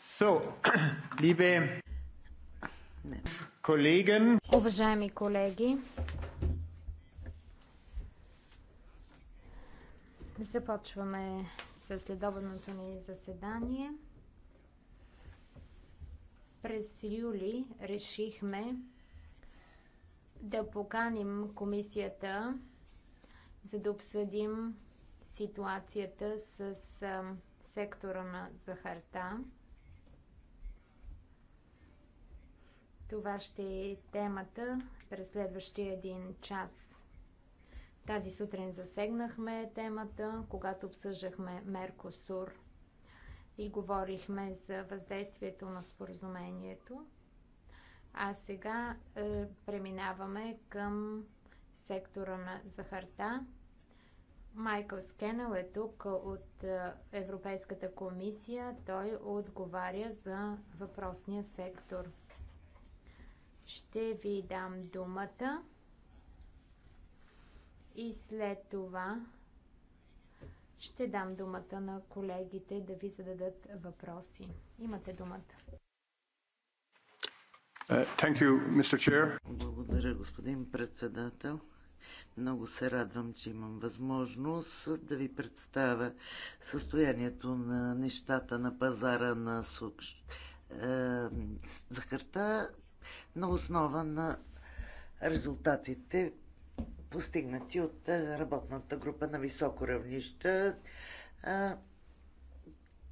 Уважаеми колеги, започваме с следобедното ни заседание. През юли решихме да поканим комисията, за да обсъдим ситуацията с сектора на захарта. Това ще е темата през следващия един час. Тази сутрин засегнахме темата, когато обсъждахме Меркосур и говорихме за въздействието на споразумението. А сега е, преминаваме към сектора на захарта. Майкъл Скенел е тук от е, Европейската комисия. Той отговаря за въпросния сектор ще ви дам думата и след това ще дам думата на колегите да ви зададат въпроси. Имате думата. Е, you, Благодаря, господин председател. Много се радвам, че имам възможност да ви представя състоянието на нещата на пазара на за е, Захарта на основа на резултатите, постигнати от е, работната група на високо равнище.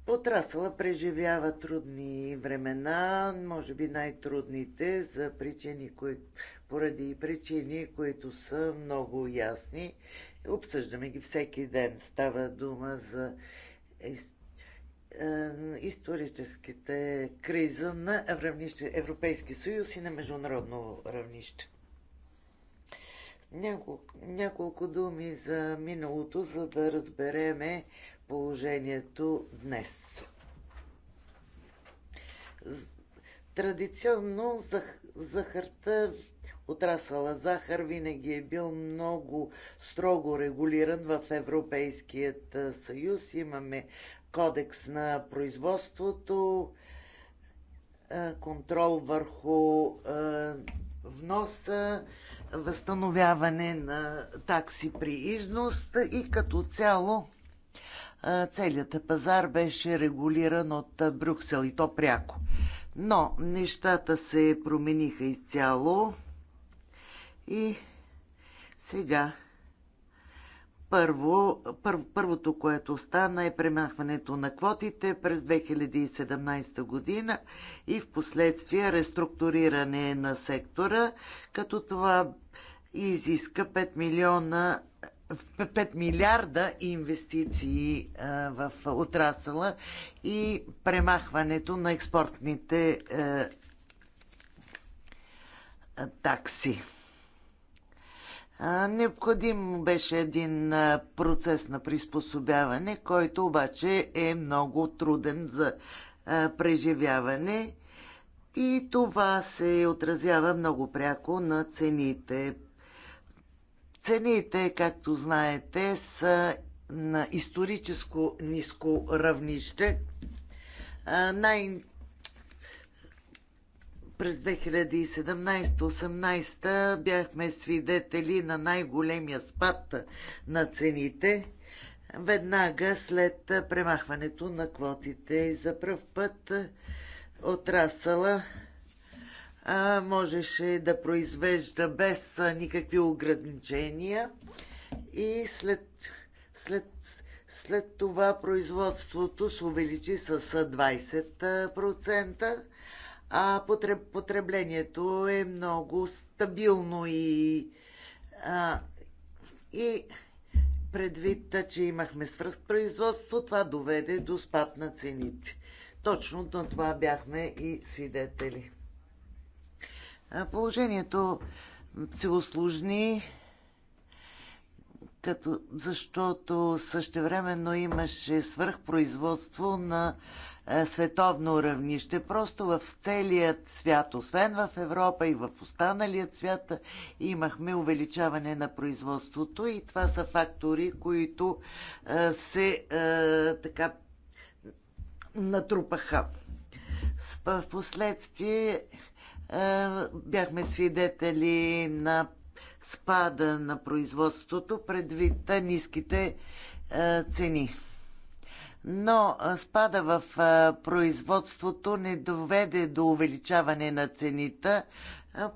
Отрасъла преживява трудни времена, може би най-трудните за причини, кои, поради причини, които са много ясни. Обсъждаме ги всеки ден. Става дума за е, историческите криза на равнище Европейски съюз и на международно равнище. Няколко, няколко думи за миналото, за да разбереме положението днес. Традиционно захарта отрасъла захар винаги е бил много строго регулиран в Европейският съюз. Имаме кодекс на производството, контрол върху вноса, възстановяване на такси при износ и като цяло целият пазар беше регулиран от Брюксел и то пряко. Но нещата се промениха изцяло и сега първо, първо, първото, което стана е премахването на квотите през 2017 година и в последствие реструктуриране на сектора, като това изиска 5 милиона 5 милиарда инвестиции в отрасъла и премахването на експортните такси. Необходим беше един процес на приспособяване, който обаче е много труден за преживяване и това се отразява много пряко на цените. Цените, както знаете, са на историческо ниско равнище. Най- през 2017-18 бяхме свидетели на най-големия спад на цените веднага след премахването на квотите. За пръв път отрасъла можеше да произвежда без никакви ограничения и след, след, след това производството се увеличи с 20%, а потреблението е много стабилно и, а, и предвид, че имахме свръхпроизводство, това доведе до спад на цените. Точно на това бяхме и свидетели. Положението се осложни, като, защото същевременно имаше свръхпроизводство на е, световно равнище. Просто в целият свят, освен в Европа и в останалият свят, имахме увеличаване на производството и това са фактори, които е, се е, така натрупаха. В последствие бяхме свидетели на спада на производството предвид ниските цени но спада в производството не доведе до увеличаване на цените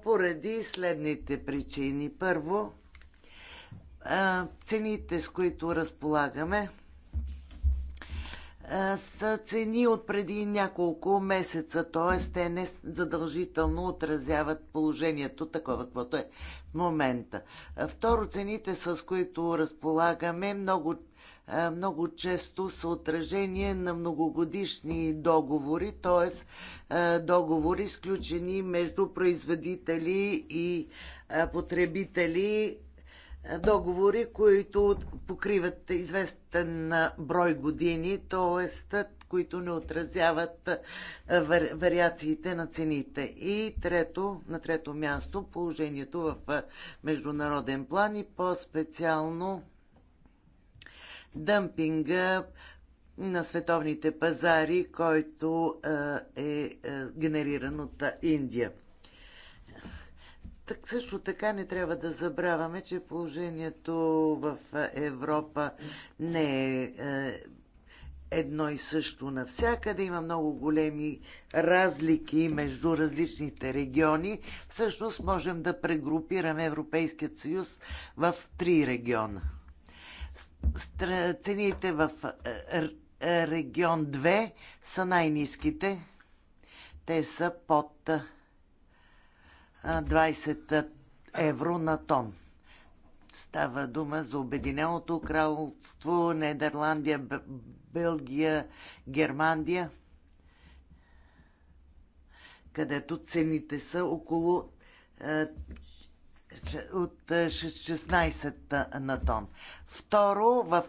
поради следните причини. Първо, цените, с които разполагаме, са цени от преди няколко месеца, т.е. те не задължително отразяват положението такова, каквото е в момента. Второ, цените, с които разполагаме, много е, много често са отражение на многогодишни договори, т.е. Е, договори сключени между производители и е, потребители, договори, които покриват известен брой години, т.е. които не отразяват вариациите на цените. И трето, на трето място, положението в международен план и по-специално дъмпинга на световните пазари, който е, е генериран от Индия. Так също така не трябва да забравяме, че положението в Европа не е, е, едно и също навсякъде. Има много големи разлики между различните региони. Всъщност можем да прегрупираме Европейският съюз в три региона цените в е, е, регион 2 са най-низките. Те са под 20 е, евро на тон. Става дума за Обединеното кралство, Нидерландия, Белгия, Германдия, където цените са около от 16 е, е, на тон. Второ, в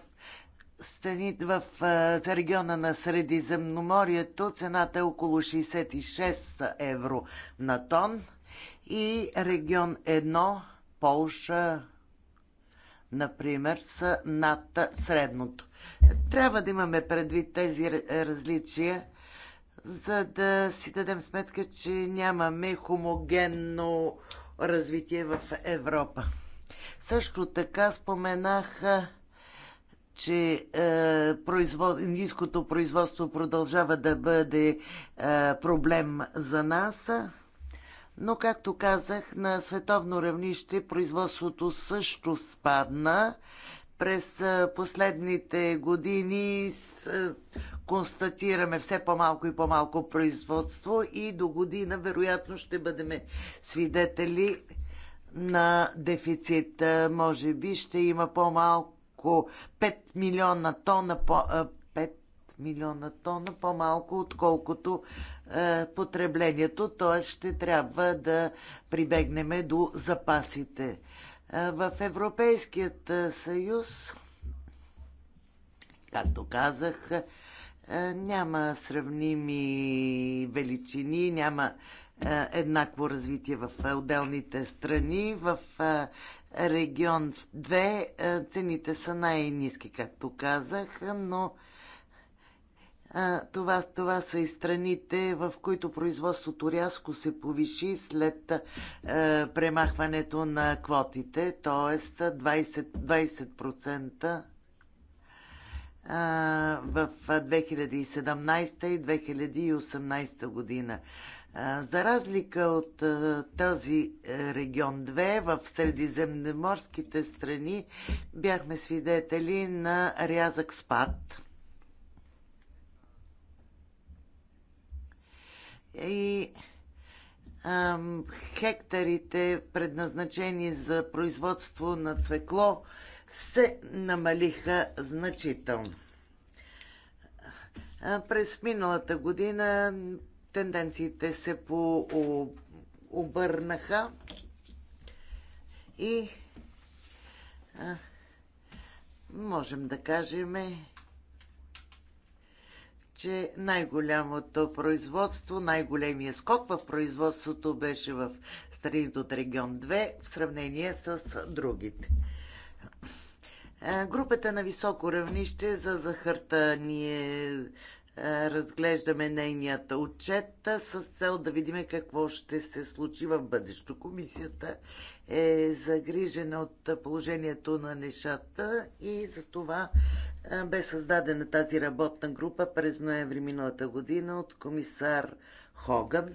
стени, в е, региона на Средиземноморието цената е около 66 евро на тон и регион 1, Полша, например, са над средното. Трябва да имаме предвид тези различия, за да си дадем сметка, че нямаме хомогенно развитие в Европа. Също така споменах, че е, производ... ниското производство продължава да бъде е, проблем за нас, но както казах, на световно равнище производството също спадна през последните години констатираме все по-малко и по-малко производство и до година вероятно ще бъдем свидетели на дефицит. Може би ще има по-малко 5 милиона тона по, 5 милиона тона по-малко, отколкото е, потреблението, т.е. ще трябва да прибегнем до запасите. В Европейският съюз, както казах, няма сравними величини, няма еднакво развитие в отделните страни. В регион 2 цените са най-низки, както казах, но това, това са и страните, в които производството рязко се повиши след е, премахването на квотите, т.е. 20%, 20% в 2017 и 2018 година. За разлика от този е, регион 2, в средиземноморските страни бяхме свидетели на рязък спад и ам, хектарите, предназначени за производство на цвекло, се намалиха значително. А, през миналата година тенденциите се обърнаха и а, можем да кажем, че най-голямото производство, най-големия скок в производството беше в страните от регион 2 в сравнение с другите. Е, групата на високо равнище за захарта ни е е, разглеждаме нейният отчет с цел да видим какво ще се случи в бъдещето. Комисията е загрижена от положението на нещата и за това е, бе създадена тази работна група през ноември миналата година от комисар Хоган.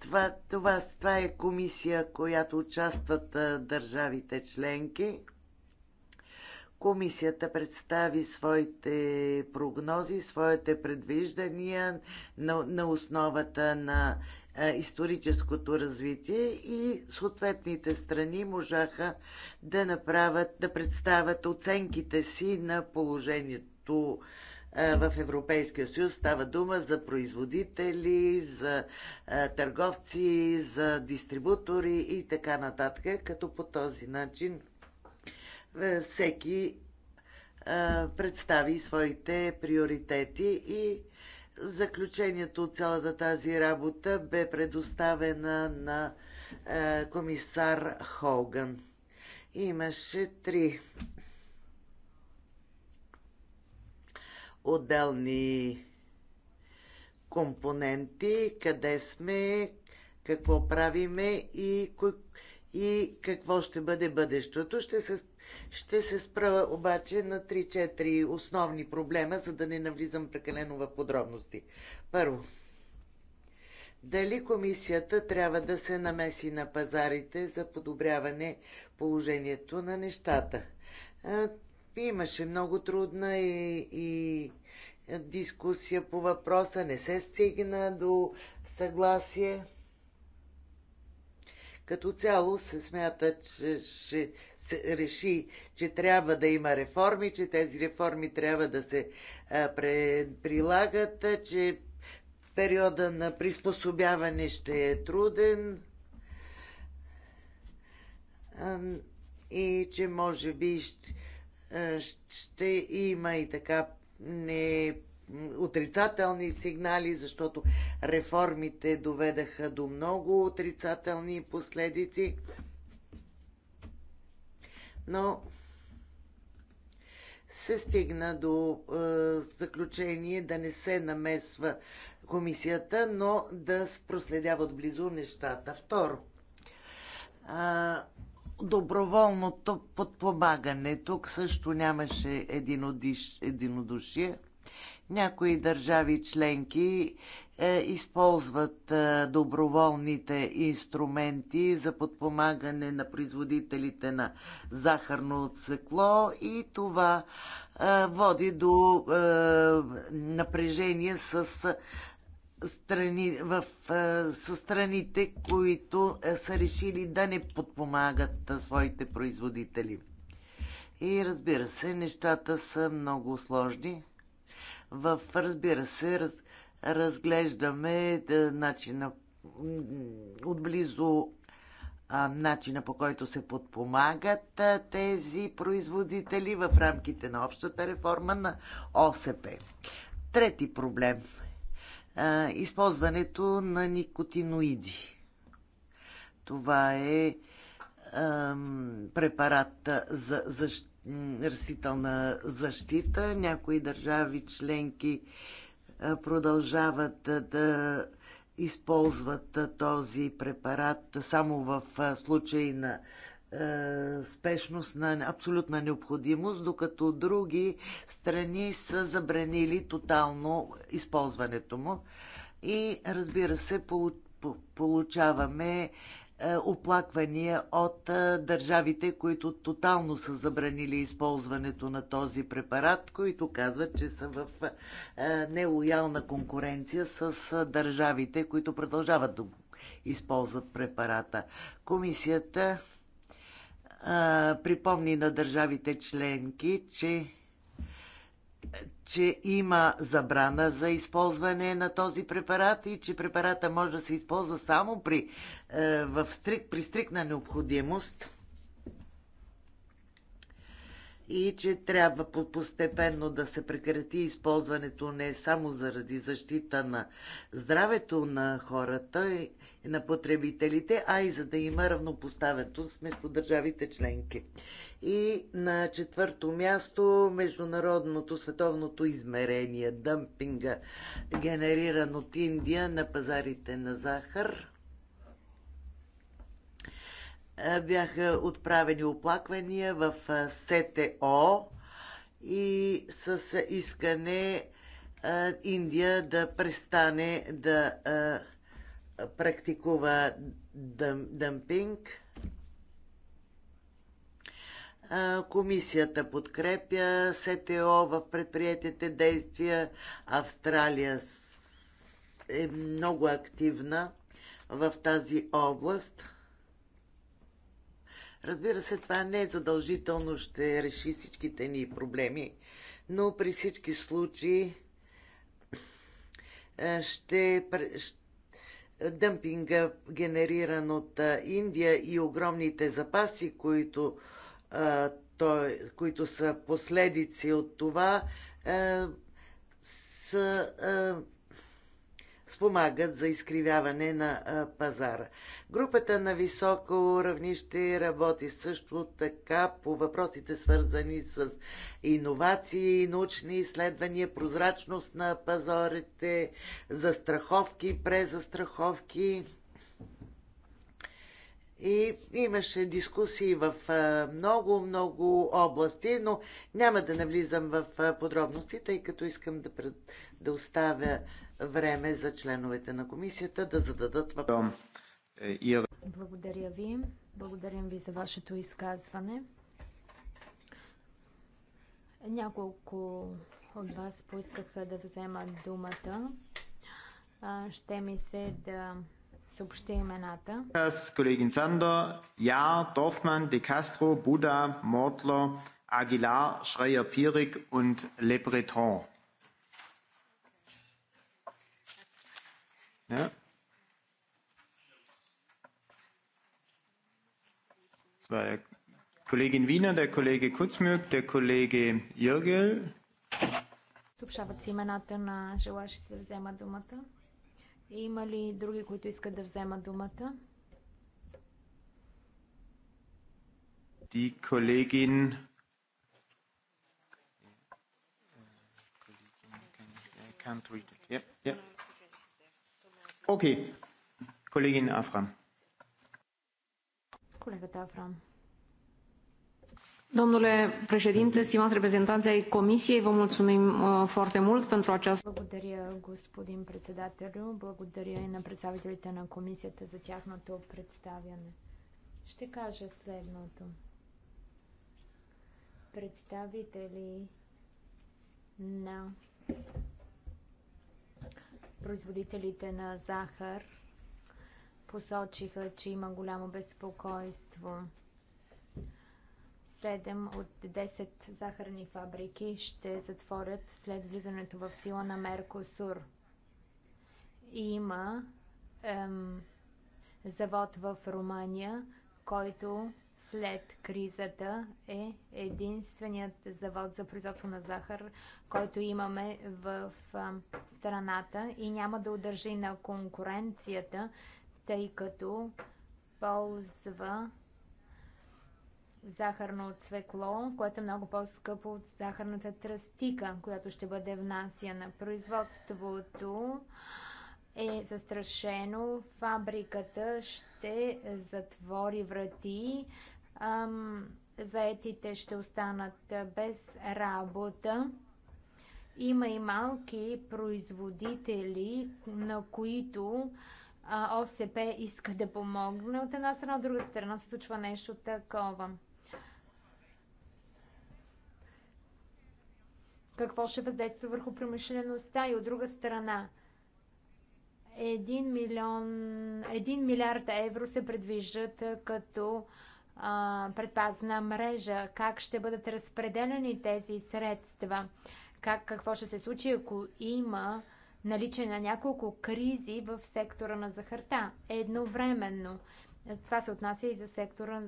Това, това, това е комисия, която участват държавите членки Комисията представи своите прогнози, своите предвиждания на, на основата на а, е, историческото развитие и съответните страни можаха да направят, да представят оценките си на положението е, в Европейския съюз. Става дума за производители, за е, търговци, за дистрибутори и така нататък, като по този начин е, всеки е, представи своите приоритети и заключението от цялата тази работа бе предоставена на е, комисар Хоган. Имаше три отделни компоненти, къде сме, какво правиме и, и какво ще бъде бъдещето. Ще се ще се спра обаче на 3-4 основни проблема, за да не навлизам прекалено в подробности. Първо, дали комисията трябва да се намеси на пазарите за подобряване положението на нещата? Имаше много трудна и, и дискусия по въпроса, не се стигна до съгласие. Като цяло се смята, че, че реши, че трябва да има реформи, че тези реформи трябва да се прилагат, че периода на приспособяване ще е труден и че може би ще, ще има и така не отрицателни сигнали, защото реформите доведаха до много отрицателни последици но се стигна до е, заключение да не се намесва комисията, но да проследява отблизо нещата. Второ, а, доброволното подпомагане. Тук също нямаше единодиш, единодушие. Някои държави членки е, използват е, доброволните инструменти за подпомагане на производителите на захарно цекло и това е, води до е, напрежение с е, страни, в, със е, страните, които е, са решили да не подпомагат своите производители. И разбира се, нещата са много сложни в, разбира се, раз, разглеждаме да, е, начина отблизо а, начина по който се подпомагат а, тези производители в рамките на общата реформа на ОСП. Трети проблем а, използването на никотиноиди. Това е препарат за защита растителна защита. Някои държави членки продължават да използват този препарат само в случай на спешност, на абсолютна необходимост, докато други страни са забранили тотално използването му. И разбира се, получаваме е, оплаквания от е, държавите, които тотално са забранили използването на този препарат, които казват, че са в е, нелоялна конкуренция с държавите, които продължават да използват препарата. Комисията припомни на държавите членки, че че има забрана за използване на този препарат и че препарата може да се използва само при, е, в стрик, при стрикна необходимост и че трябва постепенно да се прекрати използването не само заради защита на здравето на хората и на потребителите, а и за да има равнопоставеност между държавите членки. И на четвърто място международното световното измерение, дъмпинга, генериран от Индия на пазарите на захар. Е, бяха отправени оплаквания в е, СТО и с искане е, Индия да престане да практикува дъмпинг Комисията подкрепя СТО в предприятите действия. Австралия е много активна в тази област. Разбира се, това не е задължително, ще реши всичките ни проблеми, но при всички случаи ще, дъмпинга, генериран от Индия и огромните запаси, които той, които са последици от това, е, са, спомагат за изкривяване на пазара. Групата на високо равнище работи също така по въпросите свързани с иновации, научни изследвания, прозрачност на пазарите, застраховки, презастраховки и имаше дискусии в много-много области, но няма да навлизам в подробности, тъй като искам да, пред... да оставя време за членовете на комисията да зададат въпроси. Е, Благодаря ви. Благодарим ви за вашето изказване. Няколко от вас поискаха да вземат думата. Ще ми се да съобщи имената. Колегин Сандо, я, Дорфман, Де Кастро, Буда, Мотло, Агилар, Шрейер-Пирик и Лепретон. Breton. Ja. Das war der Kollegin Wiener, der Kollege Kutzmück, der Kollege Jürgel. Съобщават се имената на желащите да вземат думата. Има ли други, които искат да вземат думата? Ди колегин... can't read it. Yep, yep. Okay. Kollegin Afram. Колегата Афрам. Domnule președinte, stimați reprezentanți ai Comisiei, vă mulțumim uh, foarte mult pentru această... Благодаря, господин председател, Благодаря и на представителите на Комисията за тяхното представяне. Ще кажа следното. Представители на производителите на захар посочиха, че има голямо безпокойство 7 от 10 захарни фабрики ще затворят след влизането в сила на Меркосур. Има ем, завод в Румъния, който след кризата е единственият завод за производство на захар, който имаме в ем, страната и няма да удържи на конкуренцията, тъй като ползва захарно цвекло, което е много по-скъпо от захарната тръстика, която ще бъде внасяна. Производството е застрашено, фабриката ще затвори врати, ам, заетите ще останат без работа. Има и малки производители, на които ОСП иска да помогне от една страна, от друга страна се случва нещо такова. какво ще въздейства върху промишлеността и от друга страна 1, милион, 1 милиард евро се предвиждат като а, предпазна мрежа. Как ще бъдат разпределени тези средства? Как, какво ще се случи, ако има наличие на няколко кризи в сектора на захарта едновременно? Това се отнася и за сектора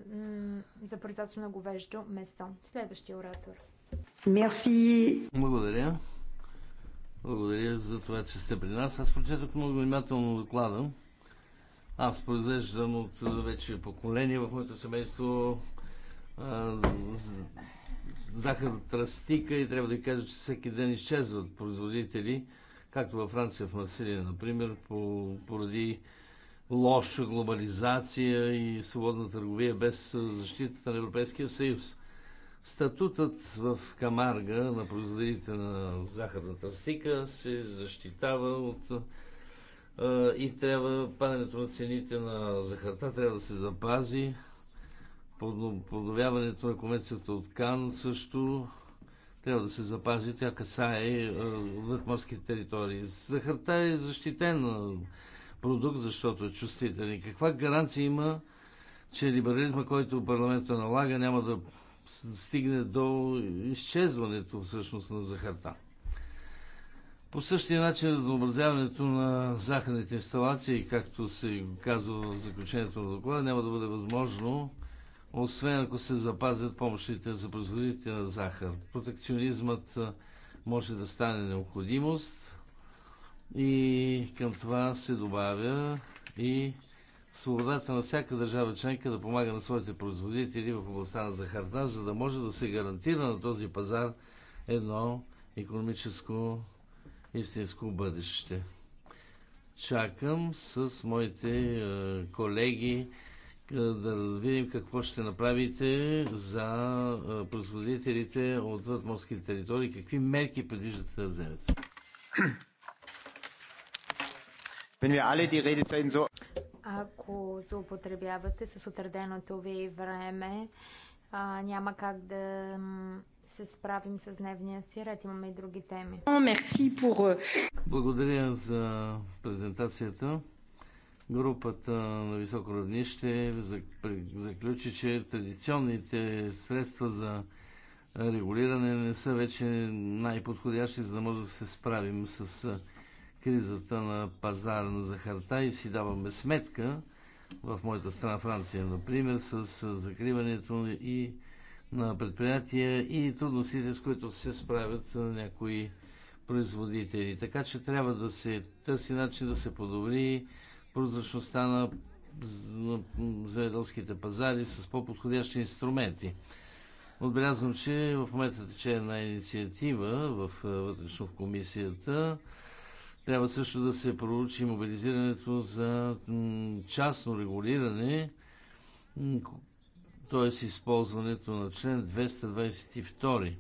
за производство на говеждо месо. Следващия оратор. Мерси. Благодаря. Благодаря за това, че сте при нас. Аз прочетох много внимателно доклада. Аз произвеждам от вече поколение в моето семейство а, захар тръстика и трябва да ви кажа, че всеки ден изчезват производители, както във Франция, в Марсилия, например, по, поради лоша глобализация и свободна търговия без защитата на Европейския съюз. Статутът в Камарга на производителите на захарната стика се защитава от и трябва падането на цените на захарта трябва да се запази. Подновяването на комецията от Кан също трябва да се запази. Тя касае вътморските територии. Захарта е защитен продукт, защото е чувствителен. Каква гаранция има, че либерализма, който парламента налага, няма да стигне до изчезването всъщност на захарта. По същия начин разнообразяването на захарните инсталации, както се казва в заключението на доклада, няма да бъде възможно, освен ако се запазят помощите за производителите на захар. Протекционизмът може да стане необходимост и към това се добавя и свободата на всяка държава членка да помага на своите производители в областта на захарта, за да може да се гарантира на този пазар едно економическо истинско бъдеще. Чакам с моите е, колеги е, да видим какво ще направите за е, производителите от вътморските територии, какви мерки предвиждате да вземете. Ако злоупотребявате с отреденото ви време, а, няма как да се справим с дневния си ред. Имаме и други теми. Е. Благодаря за презентацията. Групата на високо равнище заключи, че традиционните средства за регулиране не са вече най-подходящи, за да може да се справим с кризата на пазара на захарта и си даваме сметка в моята страна Франция, например, с закриването и на предприятия и трудностите, с които се справят някои производители. Така че трябва да се търси начин да се подобри прозрачността на, на пазари с по-подходящи инструменти. Отбелязвам, че в момента тече една инициатива в вътрешно в комисията трябва също да се проучи мобилизирането за частно регулиране, т.е. използването на член 222.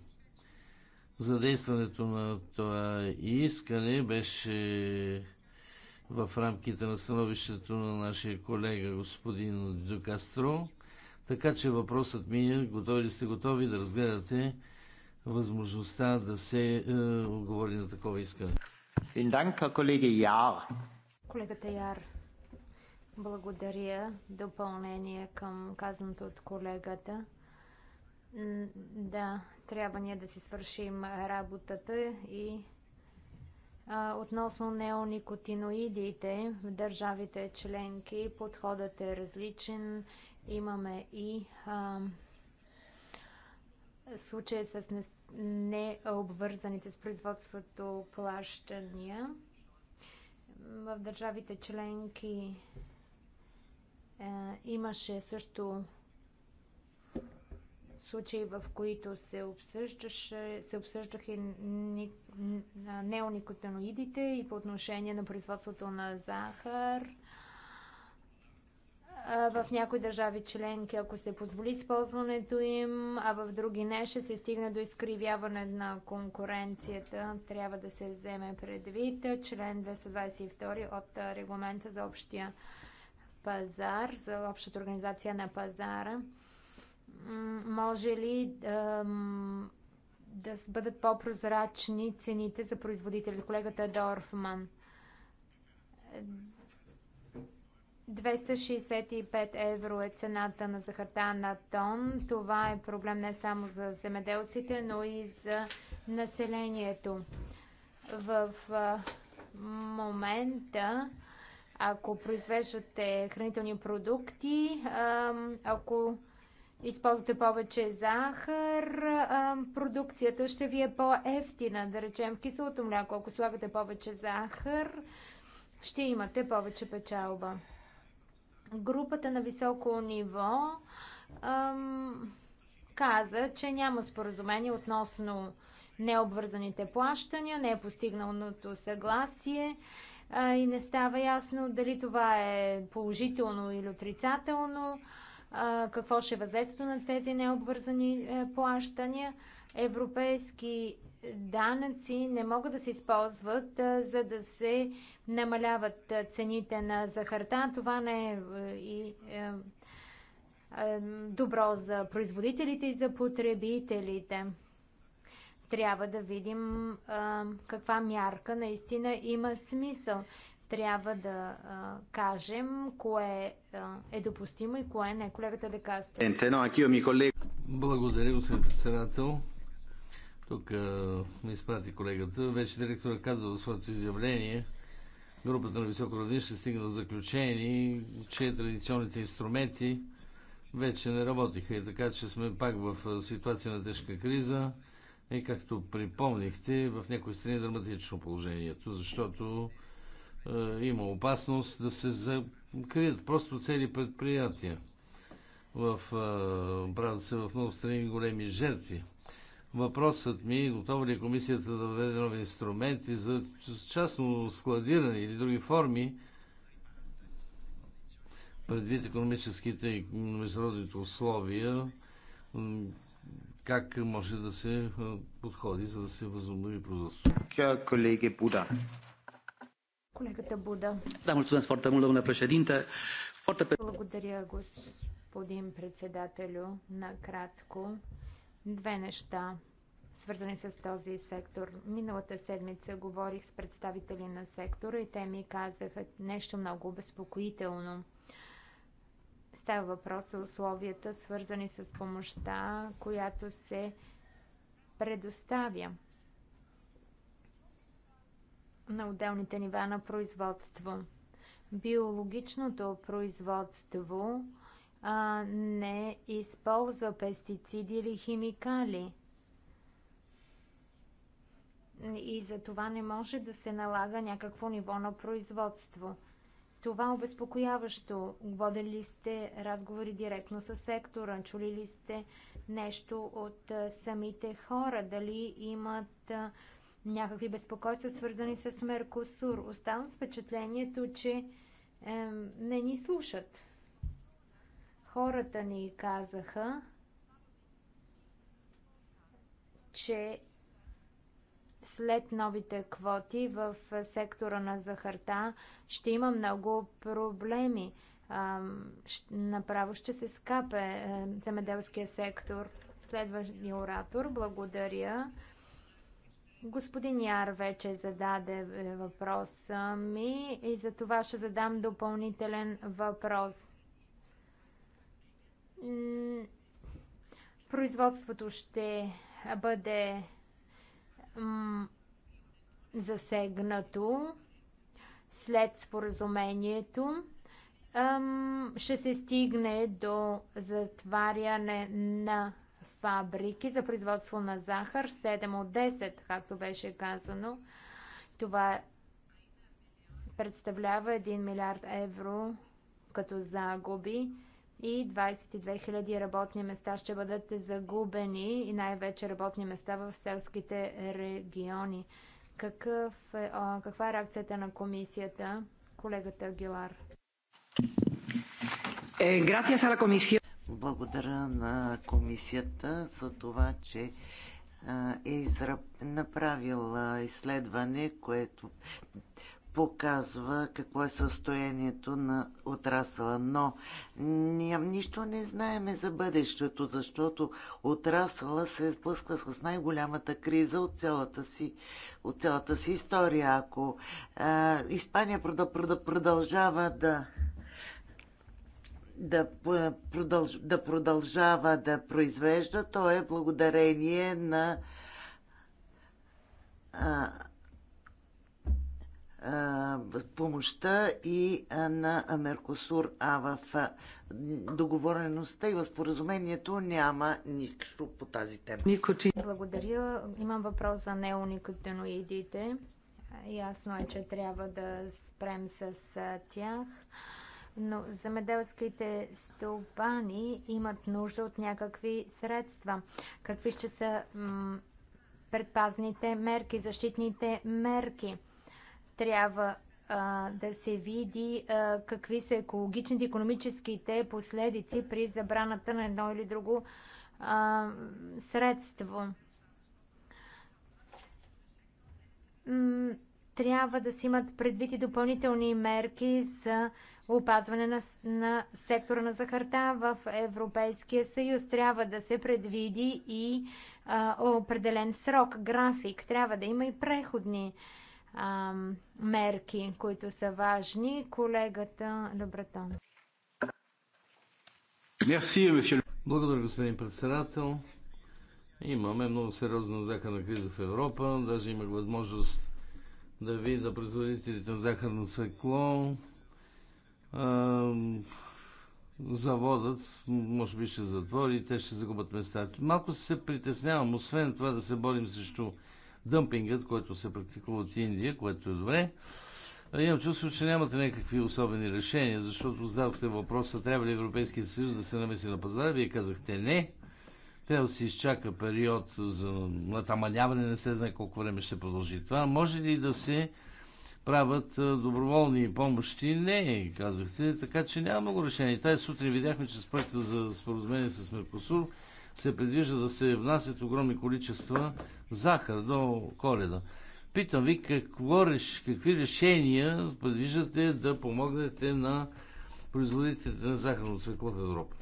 Задействането на това искане беше в рамките на становището на нашия колега господин Дюкастро. Така че въпросът ми е, готови ли сте готови да разгледате възможността да се е, отговори на такова искане? Колегата Яр. Благодаря. Допълнение към казаното от колегата. Да, трябва ние да си свършим работата и а, относно неоникотиноидите в държавите членки подходът е различен. Имаме и а, случаи с не обвързаните с производството плащания. В държавите членки е, имаше също случаи, в които се, обсъждаше, се обсъждаха неоникотиноидите и по отношение на производството на захар в някои държави членки, ако се позволи използването им, а в други не, ще се стигне до изкривяване на конкуренцията. Трябва да се вземе предвид член 222 от регламента за общия пазар, за общата организация на пазара. Може ли да, да бъдат по-прозрачни цените за производителите? Колегата Дорфман 265 евро е цената на захарта на тон. Това е проблем не само за земеделците, но и за населението. В момента, ако произвеждате хранителни продукти, ако използвате повече захар, продукцията ще ви е по-ефтина. Да речем в киселото мляко, ако слагате повече захар, ще имате повече печалба групата на високо ниво ам, каза, че няма споразумение относно необвързаните плащания, не е постигналното съгласие а, и не става ясно дали това е положително или отрицателно, а, какво ще е въздействието на тези необвързани е, плащания. Европейски данъци не могат да се използват, а, за да се намаляват цените на захарта. Това не е и е, добро за производителите и за потребителите. Трябва да видим каква мярка наистина има смисъл. Трябва да кажем кое е допустимо и кое не. Колегата да казвате, Благодаря, господин председател. Тук ме изпрати колегата. Вече директора казва в своето изявление, групата на високо равнище стигна до заключение, че традиционните инструменти вече не работиха и така, че сме пак в ситуация на тежка криза и както припомнихте, в някои страни е драматично положението, защото е, има опасност да се закрият просто цели предприятия. В, е, правят се в много страни големи жертви Въпросът ми, е, готова ли е комисията да въведе нови инструменти за частно складиране или други форми, предвид економическите и международните условия, как може да се подходи, за да се възобнови производството? Колеги Буда. Колегата Буда. Да, Благодаря, господин председателю. Накратко. Две неща, свързани с този сектор. Миналата седмица говорих с представители на сектора и те ми казаха нещо много обезпокоително. Става въпрос за условията, свързани с помощта, която се предоставя на отделните нива на производство. Биологичното производство – а, не използва пестициди или химикали. И за това не може да се налага някакво ниво на производство. Това е обезпокояващо. Водили ли сте разговори директно с сектора? Чули ли сте нещо от самите хора? Дали имат някакви безпокойства, свързани с Меркосур? Оставам с впечатлението, че е, не ни слушат. Хората ни казаха, че след новите квоти в сектора на захарта ще има много проблеми. Направо ще се скапе е, земеделския сектор. Следващия оратор, благодаря. Господин Яр вече зададе е, въпроса ми и за това ще задам допълнителен въпрос производството ще бъде засегнато след споразумението. Ще се стигне до затваряне на фабрики за производство на захар 7 от 10, както беше казано. Това представлява 1 милиард евро като загуби и 22 000 работни места ще бъдат загубени и най-вече работни места в селските региони. Какъв е, а, каква е реакцията на комисията, колегата Агилар? Е, Благодаря на комисията за това, че е изра... направила изследване, което показва какво е състоянието на отрасъла. Но нищо не знаеме за бъдещето, защото отрасъла се сблъсква с най-голямата криза от цялата си, от цялата си история. Ако а, Испания прода, прода, продължава да да, продълж, да продължава да произвежда, то е благодарение на а, помощта и на Меркосур, а в договореността и в споразумението няма нищо по тази тема. Никотин. Благодаря. Имам въпрос за неоникотиноидите. Ясно е, че трябва да спрем с тях. Но замеделските стопани имат нужда от някакви средства. Какви ще са предпазните мерки, защитните мерки? Трябва а, да се види а, какви са екологичните, економическите последици при забраната на едно или друго а, средство. Трябва да се имат предвид и допълнителни мерки за опазване на, на сектора на захарта в Европейския съюз. Трябва да се предвиди и а, определен срок, график. Трябва да има и преходни а, мерки, които са важни. Колегата Любретон. Благодаря, господин председател. Имаме много сериозна захарна криза в Европа. Даже имах възможност да видя производителите на захарно свекло. заводът може би ще затвори и те ще загубят места. Малко се притеснявам, освен това да се борим срещу дъмпингът, който се практикува от Индия, което е добре. Имам чувство, че нямате някакви особени решения, защото зададохте въпроса, трябва ли Европейския съюз да се намеси на пазара. Вие казахте не. Трябва да се изчака период за натаманяване, не се знае колко време ще продължи това. Може ли да се правят доброволни помощи? Не, казахте, така че няма много решение. Тая сутрин видяхме, че с проекта за споразумение с Меркосур се предвижда да се внасят огромни количества захар до коледа. Питам ви какво, какви решения предвиждате да помогнете на производителите на захарно цвекло в Европа?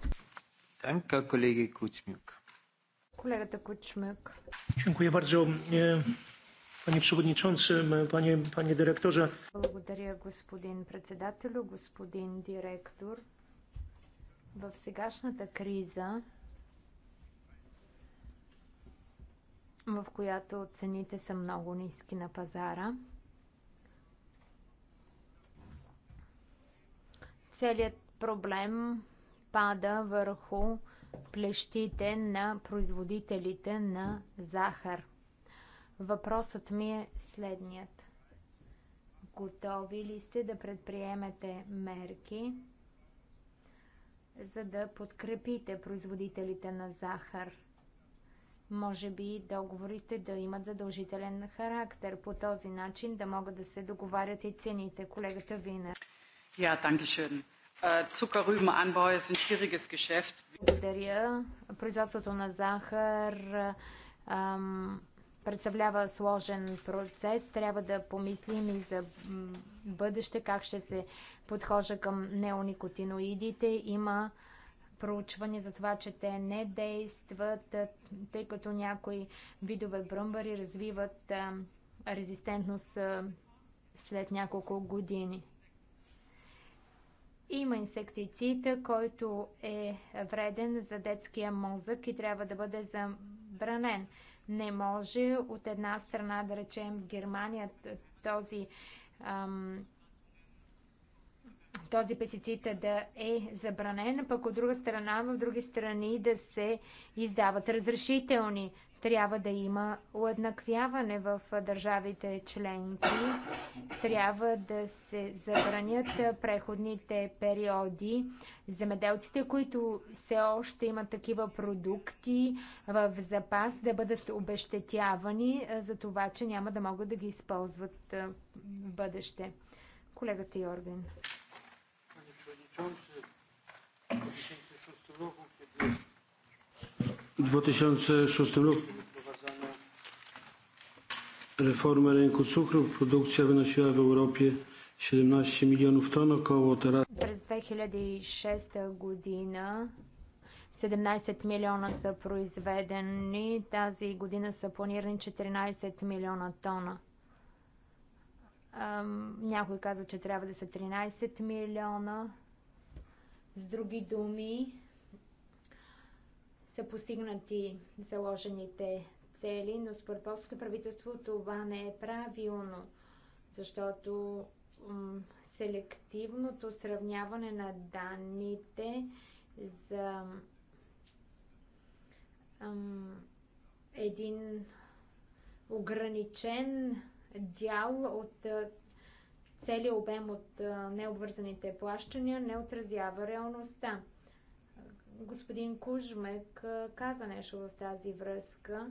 Танка колеги Кучмюк. Колегата Кучмюк. Dziękuję bardzo. E, panie Przewodniczący, panie, panie директоре. Благодаря, господин председателю, господин директор. В сегашната криза в която цените са много ниски на пазара. Целият проблем пада върху плещите на производителите на захар. Въпросът ми е следният. Готови ли сте да предприемете мерки, за да подкрепите производителите на захар? може би договорите да имат задължителен характер. По този начин да могат да се договарят и цените. Колегата Вина. Ja, danke schön. Äh, Zuckerrübenanbau ist ein schwieriges Geschäft. Благодаря. Производството на захар ам, представлява сложен процес. Трябва да помислим и за бъдеще как ще се подхожа към неоникотиноидите. Има проучване за това, че те не действат, тъй като някои видове бръмбари развиват резистентност след няколко години. Има инсектицид, който е вреден за детския мозък и трябва да бъде забранен. Не може от една страна, да речем в Германия, този ам, този пестицид е да е забранен, пък от друга страна, в други страни да се издават разрешителни. Трябва да има уеднаквяване в държавите членки. Трябва да се забранят преходните периоди. Земеделците, които все още имат такива продукти в запас, да бъдат обещетявани за това, че няма да могат да ги използват в бъдеще. Колегата Йорген. W 2006 roku reforma rynku cukru, produkcja wynosiła w Europie 17 milionów ton około teraz. През 2006 година 17 милиона са произведени, тази година са планирани 14 милиона тона. Някой каза, че трябва да са 13 милиона. С други думи, са постигнати заложените цели, но според полското правителство това не е правилно, защото селективното сравняване на данните за един ограничен дял от целият обем от необвързаните плащания не отразява реалността. Господин Кужмек каза нещо в тази връзка.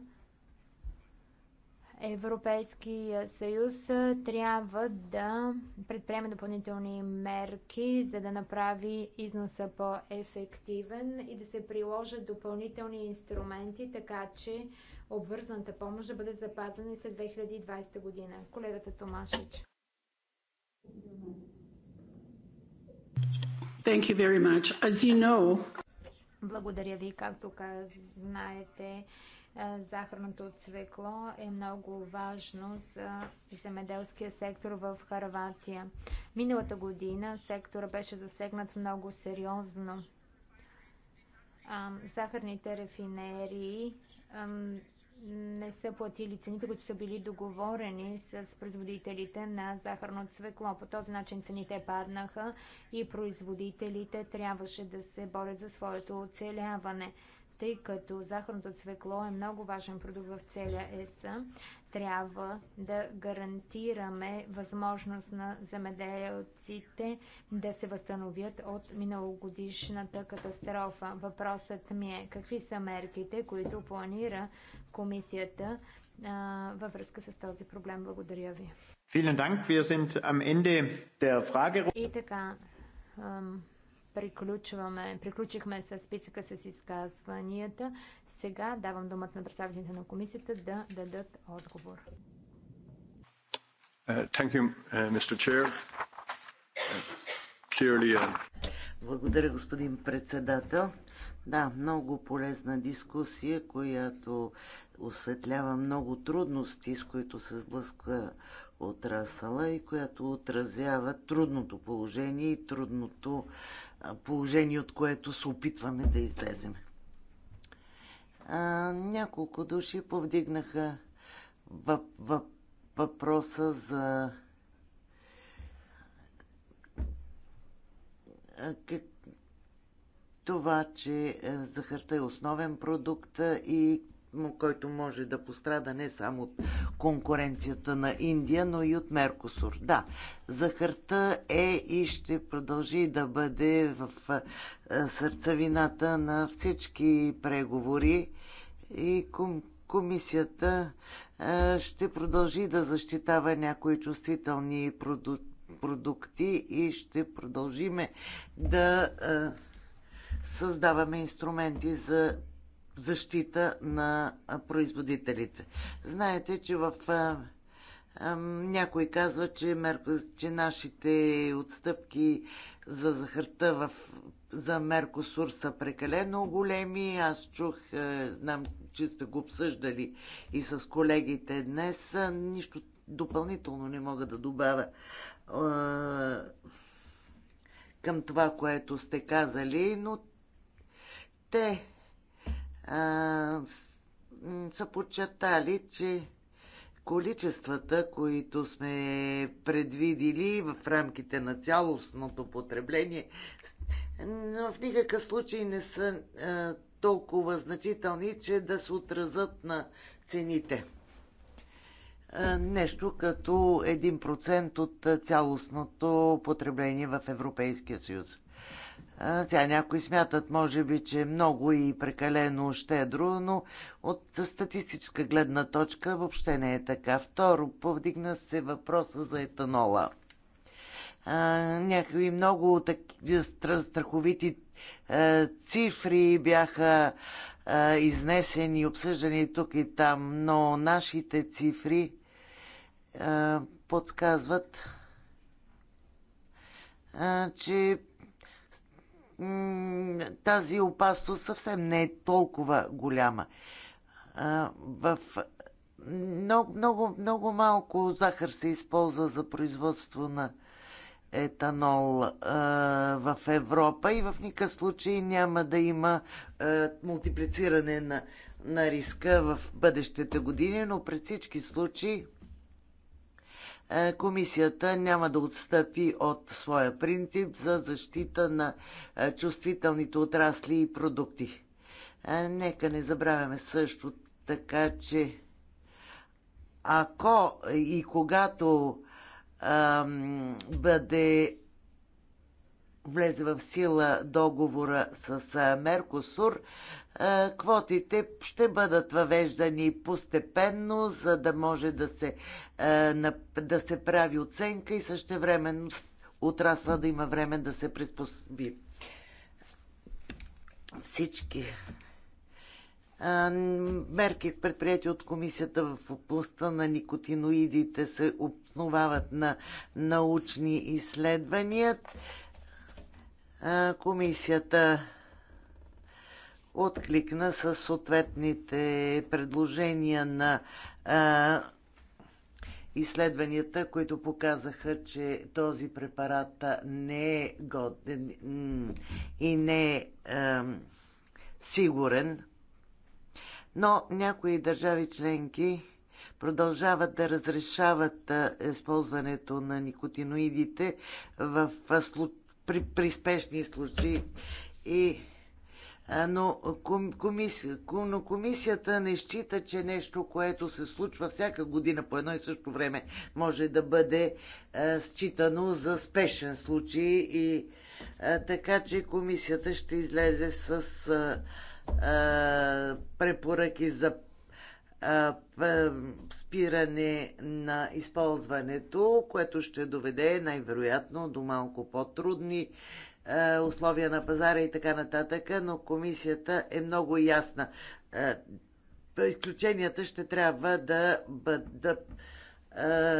Европейския съюз трябва да предприеме допълнителни мерки, за да направи износа по-ефективен и да се приложат допълнителни инструменти, така че обвързаната помощ да бъде запазена и след 2020 година. Колегата Томашич. Thank you very much. As you know, благодаря ви, както знаете, е, захарното цвекло е много важно за земеделския сектор в Харватия. Миналата година сектора беше засегнат много сериозно. Захарните рафинерии не са платили цените, които са били договорени с производителите на захарно цвекло. По този начин цените паднаха и производителите трябваше да се борят за своето оцеляване. Тъй като захарното цвекло е много важен продукт в целия ЕС, трябва да гарантираме възможност на земеделците да се възстановят от миналогодишната катастрофа. Въпросът ми е какви са мерките, които планира комисията във връзка с този проблем. Благодаря ви. И така, приключваме, приключихме с списъка с изказванията. Сега давам думата на представителите на комисията да дадат отговор. Uh, you, uh, uh, Clearly, uh... Благодаря, господин председател. Да, много полезна дискусия, която осветлява много трудности, с които се сблъсква отрасъла и която отразява трудното положение и трудното положение, от което се опитваме да излезем. А, няколко души повдигнаха въп, въп, въпроса за как, това, че е, захарта е основен продукт е, и който може да пострада не само от конкуренцията на Индия, но и от Меркосур. Да, захарта е и ще продължи да бъде в е, сърцевината на всички преговори и комисията ще продължи да защитава някои чувствителни продукти и ще продължиме да създаваме инструменти за защита на производителите. Знаете, че в някой казва, че, мерко, че нашите отстъпки за захарта в, за Меркосур са прекалено големи. Аз чух, е, знам, че сте го обсъждали и с колегите днес. Нищо допълнително не мога да добавя към това, което сте казали, но те а, са подчертали, че количествата, които сме предвидили в рамките на цялостното потребление, в никакъв случай не са а, толкова значителни, че да се отразят на цените. А, нещо като 1% от цялостното потребление в Европейския съюз. Сега някои смятат, може би, че много и прекалено щедро, но от статистическа гледна точка въобще не е така. Второ, повдигна се въпроса за етанола. Някои много так, страховити цифри бяха изнесени, обсъждани тук и там, но нашите цифри подсказват, че тази опасност съвсем не е толкова голяма. В много, много, много малко захар се използва за производство на етанол а, в Европа и в никакъв случай няма да има а, мултиплициране на, на риска в бъдещите години, но при всички случаи е, комисията няма да отстъпи от своя принцип за защита на е, чувствителните отрасли и продукти. Е, нека не забравяме също така, че ако и когато ам, бъде влезе в сила договора с Меркосур, е, квотите ще бъдат въвеждани постепенно, за да може да се, е, да се прави оценка и същевременно отрасла да има време да се приспособи. Всички е, мерки, предприяти от комисията в областта на никотиноидите, се основават на научни изследвания. Комисията откликна с съответните предложения на а, изследванията, които показаха, че този препарат не е годен и не е а, сигурен. Но някои държави членки продължават да разрешават използването на никотиноидите в, при, при спешни случаи и но, комисия, но комисията не счита, че нещо, което се случва всяка година по едно и също време, може да бъде считано за спешен случай и така, че комисията ще излезе с препоръки за спиране на използването, което ще доведе най-вероятно до малко по-трудни е, условия на пазара и така нататък, но комисията е много ясна. Е, изключенията ще трябва да, да,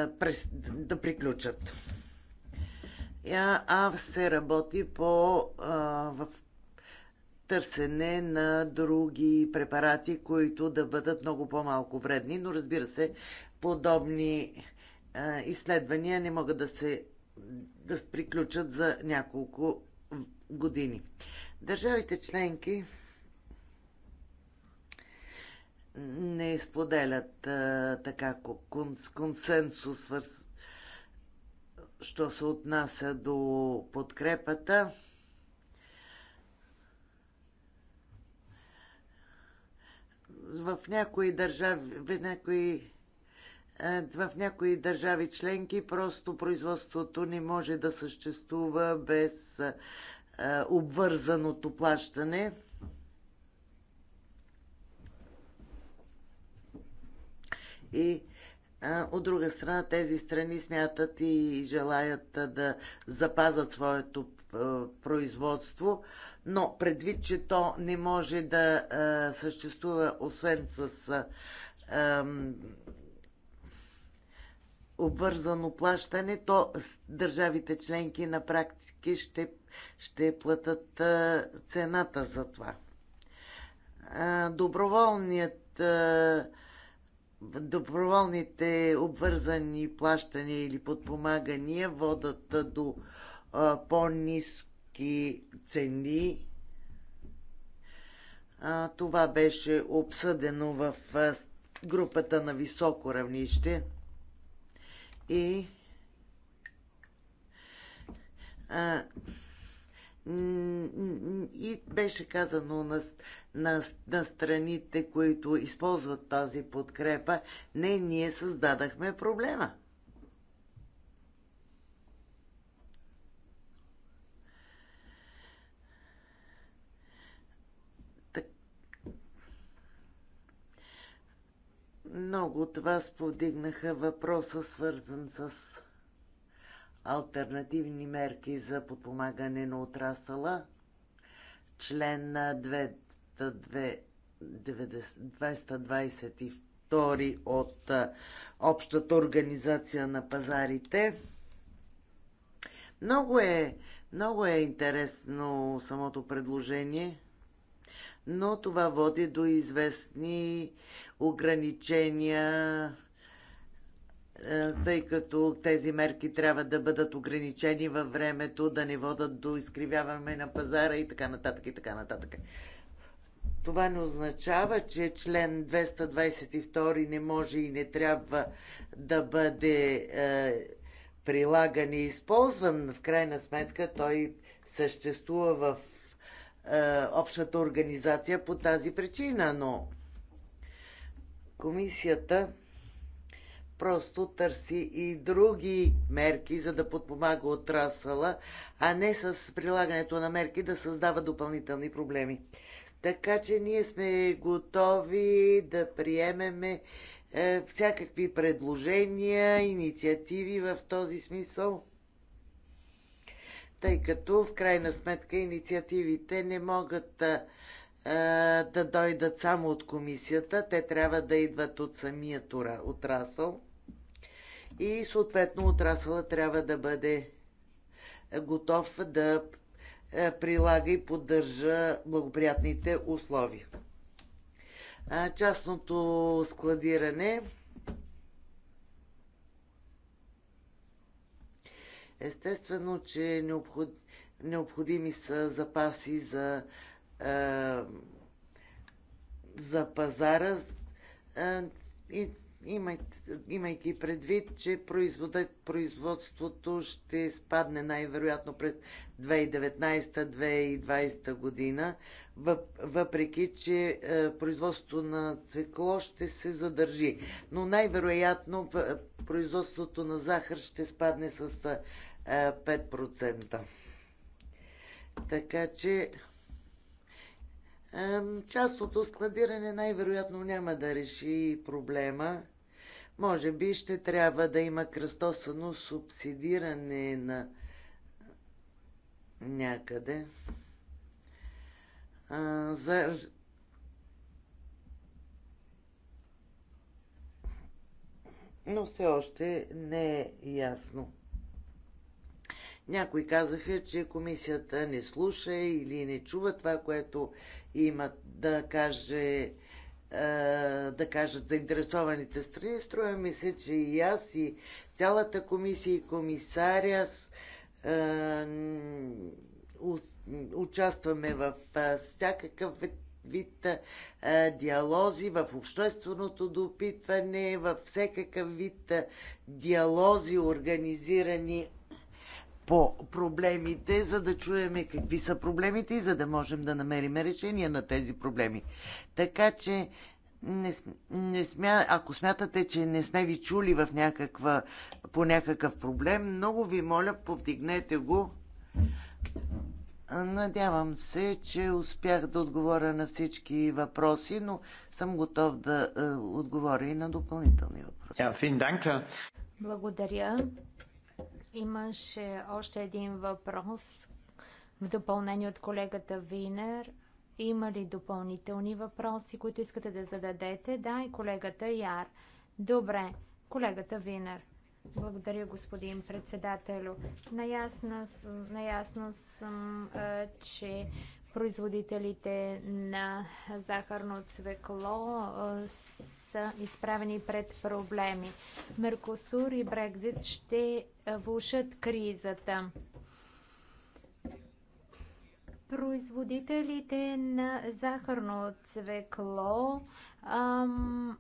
е, да приключат. А се работи по в търсене на други препарати, които да бъдат много по-малко вредни, но разбира се, подобни изследвания не могат да се да приключат за няколко години. Държавите членки не споделят а, така конс, консенсус, свърз, що се отнася до подкрепата. В някои държави, в някои в някои държави членки просто производството не може да съществува без е, обвързаното плащане. И е, от друга страна, тези страни смятат и желаят е, да запазат своето производство, но предвид, че то не може да съществува освен с обвързано плащане, то държавите членки на практики ще ще платят цената за това. Доброволният доброволните обвързани плащания или подпомагания водат до по-низки цени. това беше обсъдено в групата на високо равнище и а, и беше казано на, на, на страните, които използват тази подкрепа, не ние създадахме проблема. много от вас повдигнаха въпроса, свързан с альтернативни мерки за подпомагане на отрасъла, член на 222 от Общата организация на пазарите. Много е, много е интересно самото предложение, но това води до известни ограничения е, тъй като тези мерки трябва да бъдат ограничени във времето, да не водат до изкривяване на пазара и така нататък и така нататък. Това не означава, че член 222 не може и не трябва да бъде е, прилаган и използван. В крайна сметка той съществува в е, общата организация по тази причина, но комисията просто търси и други мерки, за да подпомага отрасъла, а не с прилагането на мерки да създава допълнителни проблеми. Така че ние сме готови да приемеме е, всякакви предложения, инициативи в този смисъл, тъй като в крайна сметка инициативите не могат е, е да дойдат само от комисията, те трябва да идват от самият отрасъл и съответно отрасъла трябва да бъде готов да е, прилага и поддържа благоприятните условия. Частното складиране Естествено, че необход... необходими са запаси за, е, за пазара е, и имай, имайки предвид, че производството ще спадне най-вероятно през 2019-2020 година, въпреки, че е, производството на цвекло ще се задържи. Но най-вероятно е, производството на захар ще спадне с 5%. Е, така че Частното складиране най-вероятно няма да реши проблема. Може би ще трябва да има кръстосано субсидиране на някъде. А, за но все още не е ясно. Някои казаха, че комисията не слуша или не чува това, което имат да каже е, да кажат заинтересованите страни. Струва ми се, че и аз, и цялата комисия, и комисаря е, участваме в е, всякакъв вид е, диалози, в общественото допитване, във всякакъв вид е, диалози, организирани по проблемите, за да чуеме какви са проблемите и за да можем да намерим решение на тези проблеми. Така че не, не смя, ако смятате, че не сме ви чули в някаква, по някакъв проблем, много ви моля, повдигнете го. Надявам се, че успях да отговоря на всички въпроси, но съм готов да е, отговоря и на допълнителни въпроси. Благодаря. Имаше още един въпрос в допълнение от колегата Винер. Има ли допълнителни въпроси, които искате да зададете? Да, и колегата Яр. Добре, колегата Винер. Благодаря, господин председателю. Наясна, наясно съм, че производителите на захарно цвекло са изправени пред проблеми. Меркосур и Брекзит ще влушат кризата. Производителите на захарно цвекло ам,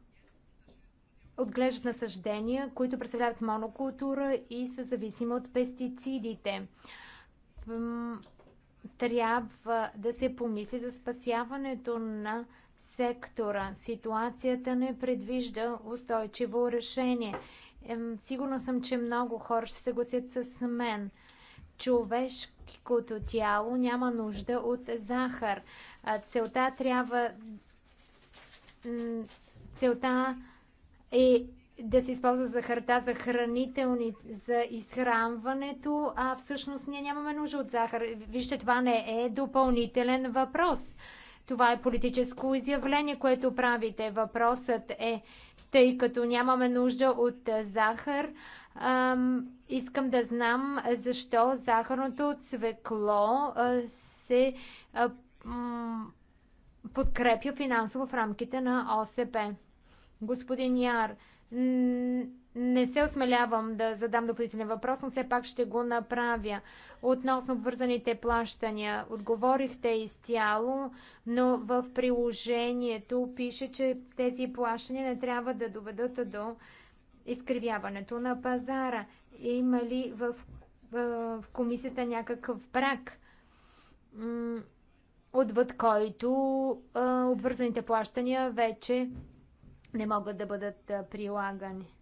отглеждат насъждения, които представляват монокултура и са зависими от пестицидите. Трябва да се помисли за спасяването на сектора. Ситуацията не предвижда устойчиво решение. Сигурна съм, че много хора ще се гласят с мен. Човешкото тяло няма нужда от захар. Целта трябва. Целта е да се използва захарта за хранителни, за изхранването, а всъщност ние нямаме нужда от захар. Вижте, това не е допълнителен въпрос. Това е политическо изявление, което правите. Въпросът е, тъй като нямаме нужда от захар, ам, искам да знам защо захарното цвекло а, се а, подкрепя финансово в рамките на ОСП. Господин Яр, не се осмелявам да задам допълнителен въпрос, но все пак ще го направя. Относно вързаните плащания, отговорихте изцяло, но в приложението пише, че тези плащания не трябва да доведат до изкривяването на пазара. Има ли в, в комисията някакъв прак? отвъд който а, обвързаните плащания вече не могат да бъдат прилагани.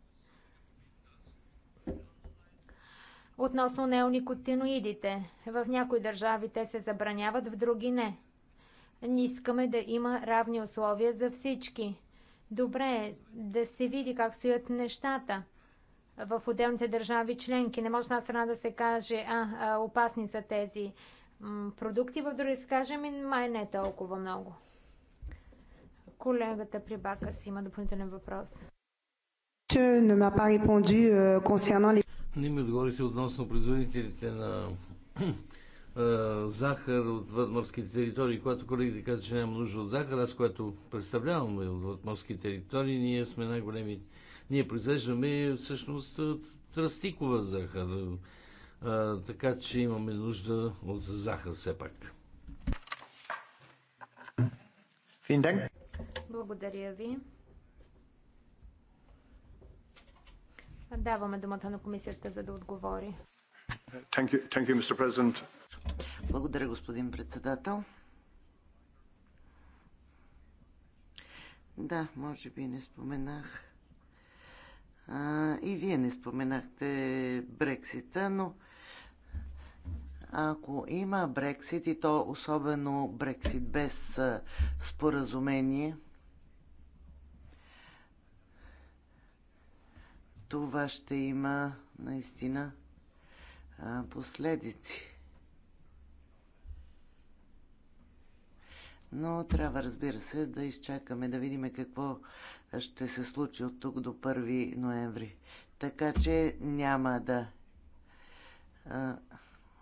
Относно неоникотиноидите, в някои държави те се забраняват, в други не. Не искаме да има равни условия за всички. Добре е да се види как стоят нещата в отделните държави членки. Не може на страна да се каже, а, а опасни са тези продукти, в други скажем, се каже, ами май не е толкова много. Колегата Прибака си има допълнителен въпрос. Е, не ми отговорите относно производителите на е, захар от вътморските територии. Когато колегите казват, че няма нужда от захар, аз, което представлявам е, от въдморски територии, ние сме най-големи. Ние произвеждаме всъщност тръстикова захар. така че имаме нужда от захар все пак. Vielen благодаря ви. Даваме думата на комисията, за да отговори. Thank you, thank you, Благодаря, господин председател. Да, може би не споменах. А, и вие не споменахте Брексита, но ако има Брексит и то особено Брексит без споразумение, това ще има наистина последици. Но трябва, разбира се, да изчакаме, да видим какво ще се случи от тук до 1 ноември. Така че няма да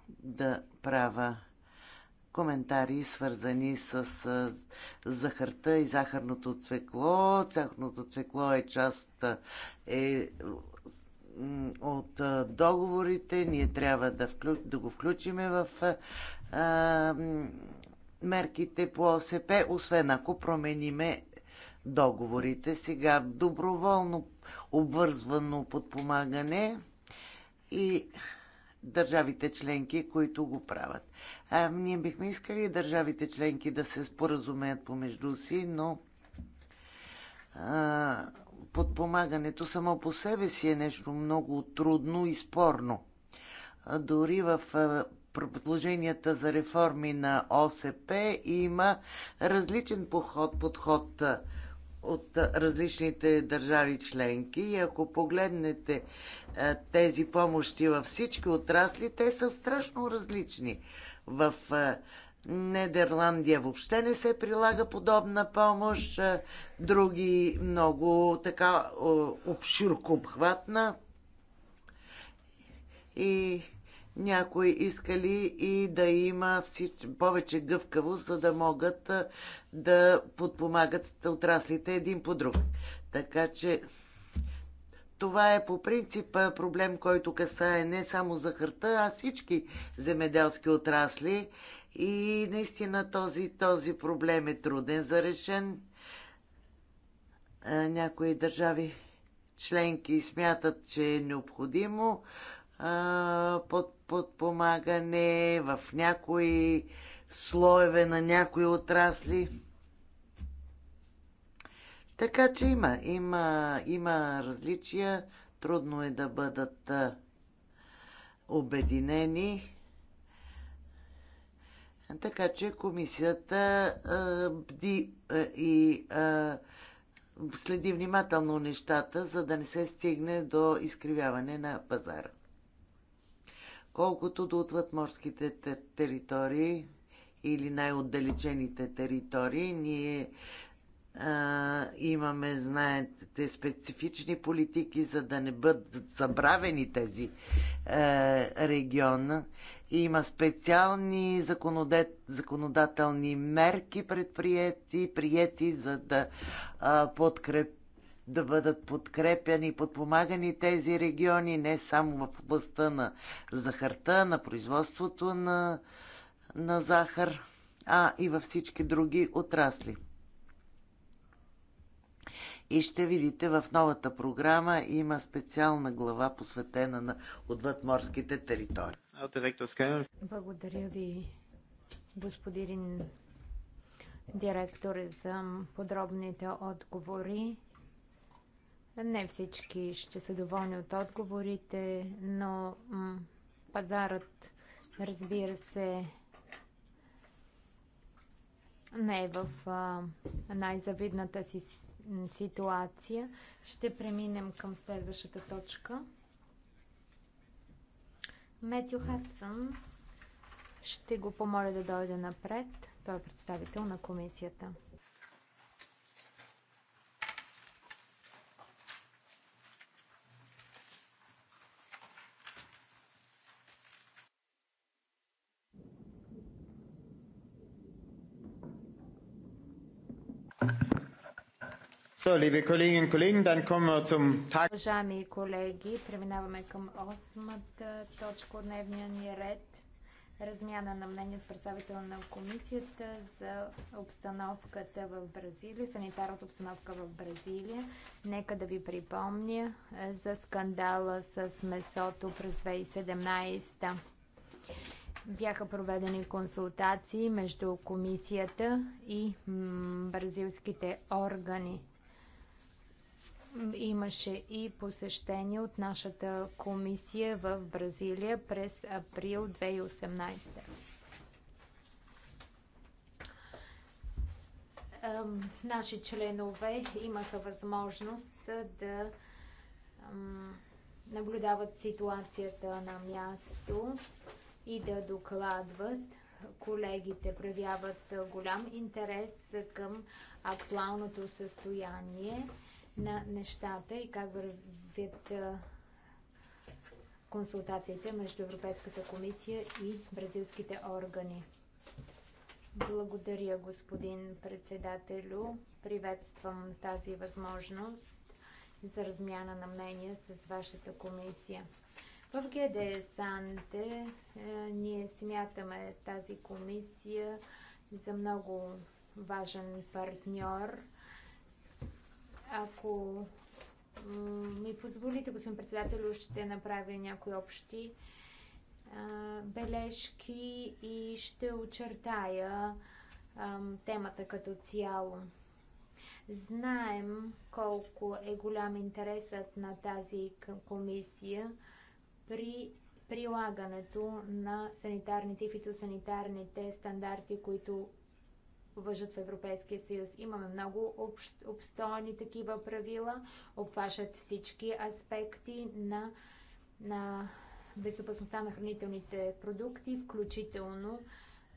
да правя коментари, свързани с захарта и захарното цвекло. Захарното цвекло е част е, от договорите. Ние трябва да, вклю, да го включиме в а, мерките по ОСП, освен ако промениме договорите. Сега доброволно обвързвано подпомагане и държавите членки, които го правят. А, ние бихме искали държавите членки да се споразумеят помежду си, но а, подпомагането само по себе си е нещо много трудно и спорно. А, дори в а, предложенията за реформи на ОСП има различен подход, подход а, от различните държави членки. И ако погледнете е, тези помощи във всички отрасли, те са страшно различни. В е, Нидерландия въобще не се прилага подобна помощ, е, други много така обширко обхватна. И някои искали и да има всич... повече гъвкавост, за да могат да подпомагат отраслите един по друг. Така че това е по принцип проблем, който касае не само захарта, а всички земеделски отрасли. И наистина този, този проблем е труден за решен. Някои държави членки смятат, че е необходимо под, подпомагане в някои слоеве на някои отрасли. Така че има, има, има различия. Трудно е да бъдат обединени. Така че комисията а, бди а, и а, следи внимателно нещата, за да не се стигне до изкривяване на пазара. Колкото до отвъдморските територии или най-отдалечените територии, ние а, имаме, знаете, специфични политики, за да не бъдат забравени тези а, региона. Има специални законодателни мерки предприяти, приети, за да а, подкреп, да бъдат подкрепяни и подпомагани тези региони, не само в областта на захарта, на производството на, на захар, а и във всички други отрасли. И ще видите в новата програма има специална глава посветена на отвъдморските територии. Благодаря ви, господин директор, за подробните отговори. Не всички ще са доволни от отговорите, но пазарът, разбира се, не е в най-завидната си ситуация. Ще преминем към следващата точка. Метю Хадсън ще го помоля да дойде напред. Той е представител на комисията. Уважаеми колеги, преминаваме към 8-та точка от дневния ни ред. Размяна на мнение с представител на комисията за обстановката в Бразилия, санитарната обстановка в Бразилия. Нека да ви припомня за скандала с месото през 2017 -та. Бяха проведени консултации между комисията и бразилските органи. Имаше и посещение от нашата комисия в Бразилия през април 2018. Наши членове имаха възможност да наблюдават ситуацията на място и да докладват. Колегите проявяват голям интерес към актуалното състояние на нещата и как вървят консултациите между Европейската комисия и бразилските органи. Благодаря, господин председателю. Приветствам тази възможност за размяна на мнение с вашата комисия. В ГДС Санте е, ние смятаме тази комисия за много важен партньор – ако ми позволите, господин председател, ще направя някои общи а, бележки и ще очертая а, темата като цяло. Знаем колко е голям интересът на тази комисия при прилагането на санитарните и фитосанитарните стандарти, които въжат в Европейския съюз. Имаме много обстойни такива правила, обхващат всички аспекти на, на безопасността на хранителните продукти, включително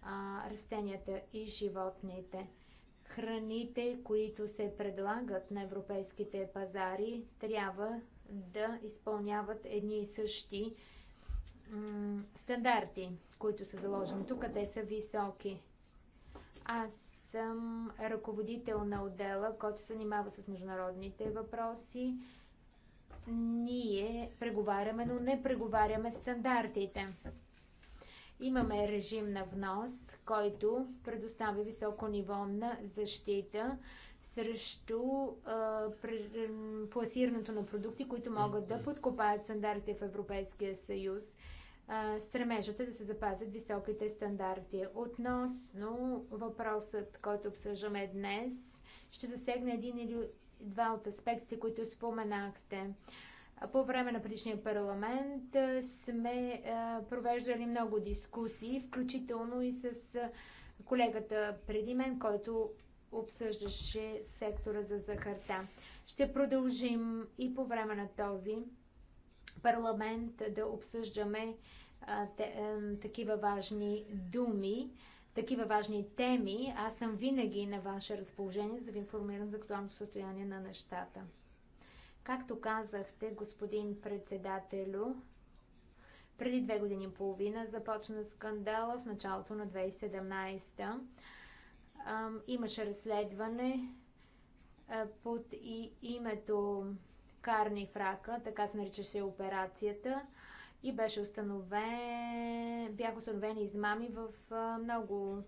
а, растенията и животните. Храните, които се предлагат на европейските пазари, трябва да изпълняват едни и същи стандарти, които са заложени тук, те са високи. Аз съм ръководител на отдела, който се занимава с международните въпроси. Ние преговаряме, но не преговаряме стандартите. Имаме режим на внос, който предоставя високо ниво на защита срещу е, пласирането на продукти, които могат да подкопаят стандартите в Европейския съюз стремежът е да се запазят високите стандарти. Относно въпросът, който обсъждаме днес, ще засегне един или два от аспектите, които споменахте. По време на предишния парламент сме провеждали много дискусии, включително и с колегата преди мен, който обсъждаше сектора за захарта. Ще продължим и по време на този парламент да обсъждаме а, те, а, е, такива важни думи, такива важни теми. Аз съм винаги на ваше разположение, за да ви информирам за актуалното състояние на нещата. Както казахте, господин председателю, преди две години и половина започна скандала в началото на 2017. Имаше разследване под и името карни в рака, така се наричаше операцията. И беше установен, бяха установени измами в много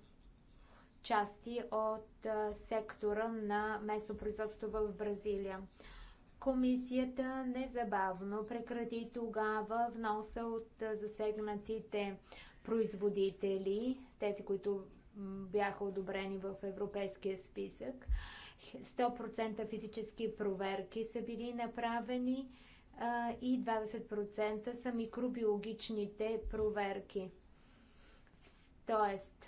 части от сектора на местопроизводството в Бразилия. Комисията незабавно прекрати тогава вноса от засегнатите производители, тези, които бяха одобрени в европейския списък. 100% физически проверки са били направени и 20% са микробиологичните проверки. Тоест,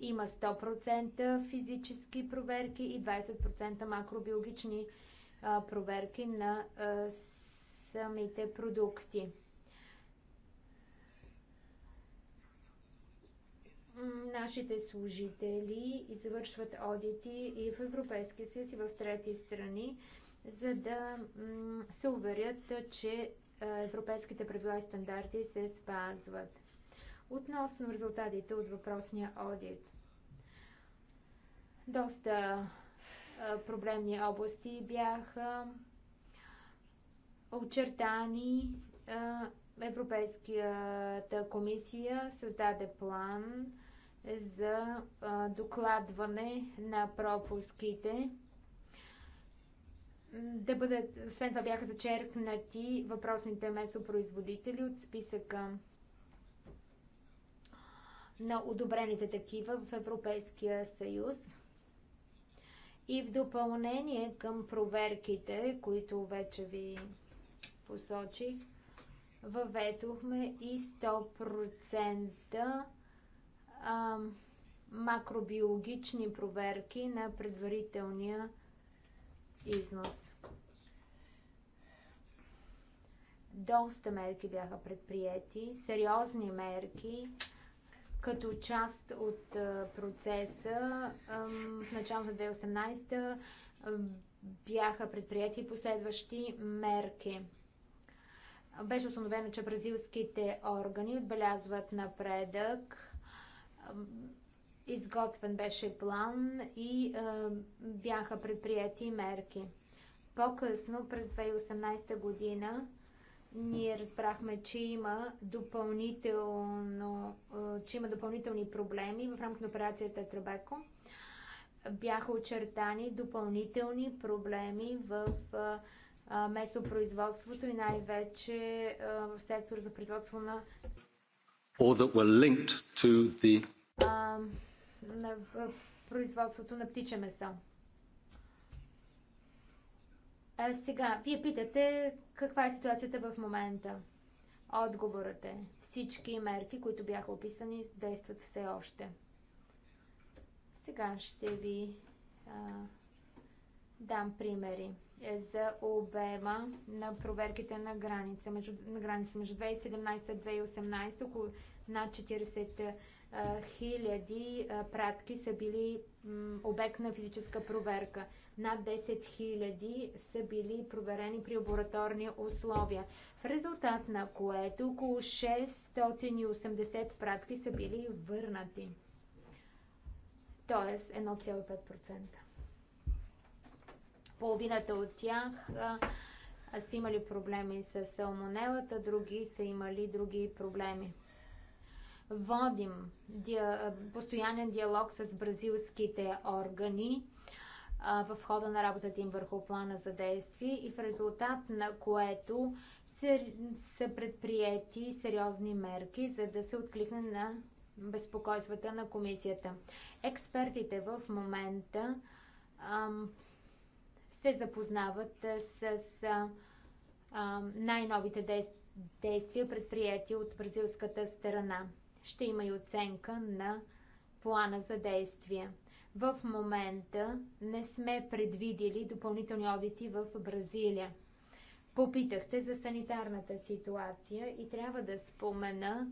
има 100% физически проверки и 20% макробиологични проверки на самите продукти. Нашите служители извършват одити и в Европейския съюз и в трети страни, за да се уверят, че европейските правила и стандарти се спазват. Относно резултатите от въпросния одит. Доста проблемни области бяха очертани. Европейската комисия създаде план за докладване на пропуските. Да бъдат, освен това бяха зачеркнати въпросните месопроизводители от списъка на одобрените такива в Европейския съюз. И в допълнение към проверките, които вече ви посочих, въведохме и 100% а, макробиологични проверки на предварителния износ. Доста мерки бяха предприяти, сериозни мерки, като част от процеса. В началото на 2018 бяха предприяти последващи мерки. Беше установено, че бразилските органи отбелязват напредък Изготвен беше план и бяха предприяти мерки. По-късно, през 2018 година, ние разбрахме, че има, допълнително, че има допълнителни проблеми в рамките на операцията Трабеко. Бяха очертани допълнителни проблеми в месопроизводството и най-вече в сектор за производство на or that were linked to the в производството на птиче месо. А сега, вие питате каква е ситуацията в момента. Отговорът е всички мерки, които бяха описани, действат все още. Сега ще ви а, дам примери е за обема на проверките на граница. Между, на граница между 2017-2018 около над 40 хиляди пратки са били обект на физическа проверка. Над 10 хиляди са били проверени при лабораторни условия. В резултат на което около 680 пратки са били върнати. Тоест 1,5% половината от тях а, са имали проблеми с салмонелата, други са имали други проблеми. Водим диа, постоянен диалог с бразилските органи а, в хода на работата им върху плана за действие и в резултат на което са предприяти сериозни мерки, за да се откликне на безпокойствата на комисията. Експертите в момента ам, се запознават с най-новите действия, предприяти от бразилската страна. Ще има и оценка на плана за действие. В момента не сме предвидели допълнителни одити в Бразилия. Попитахте за санитарната ситуация и трябва да спомена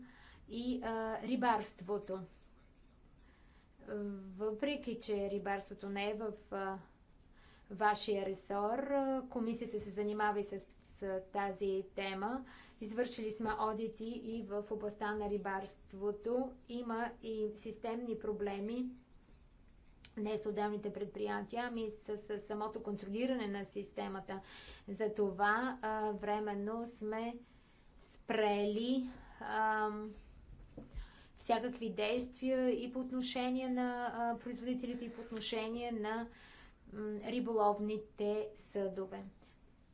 и а, рибарството. Въпреки, че рибарството не е в а, вашия ресор. Комисията се занимава и с, с тази тема. Извършили сме одити и в областта на рибарството. Има и системни проблеми не с отделните предприятия, ами с, с самото контролиране на системата. За това а, временно сме спрели а, всякакви действия и по отношение на а, производителите, и по отношение на а, риболовните съдове.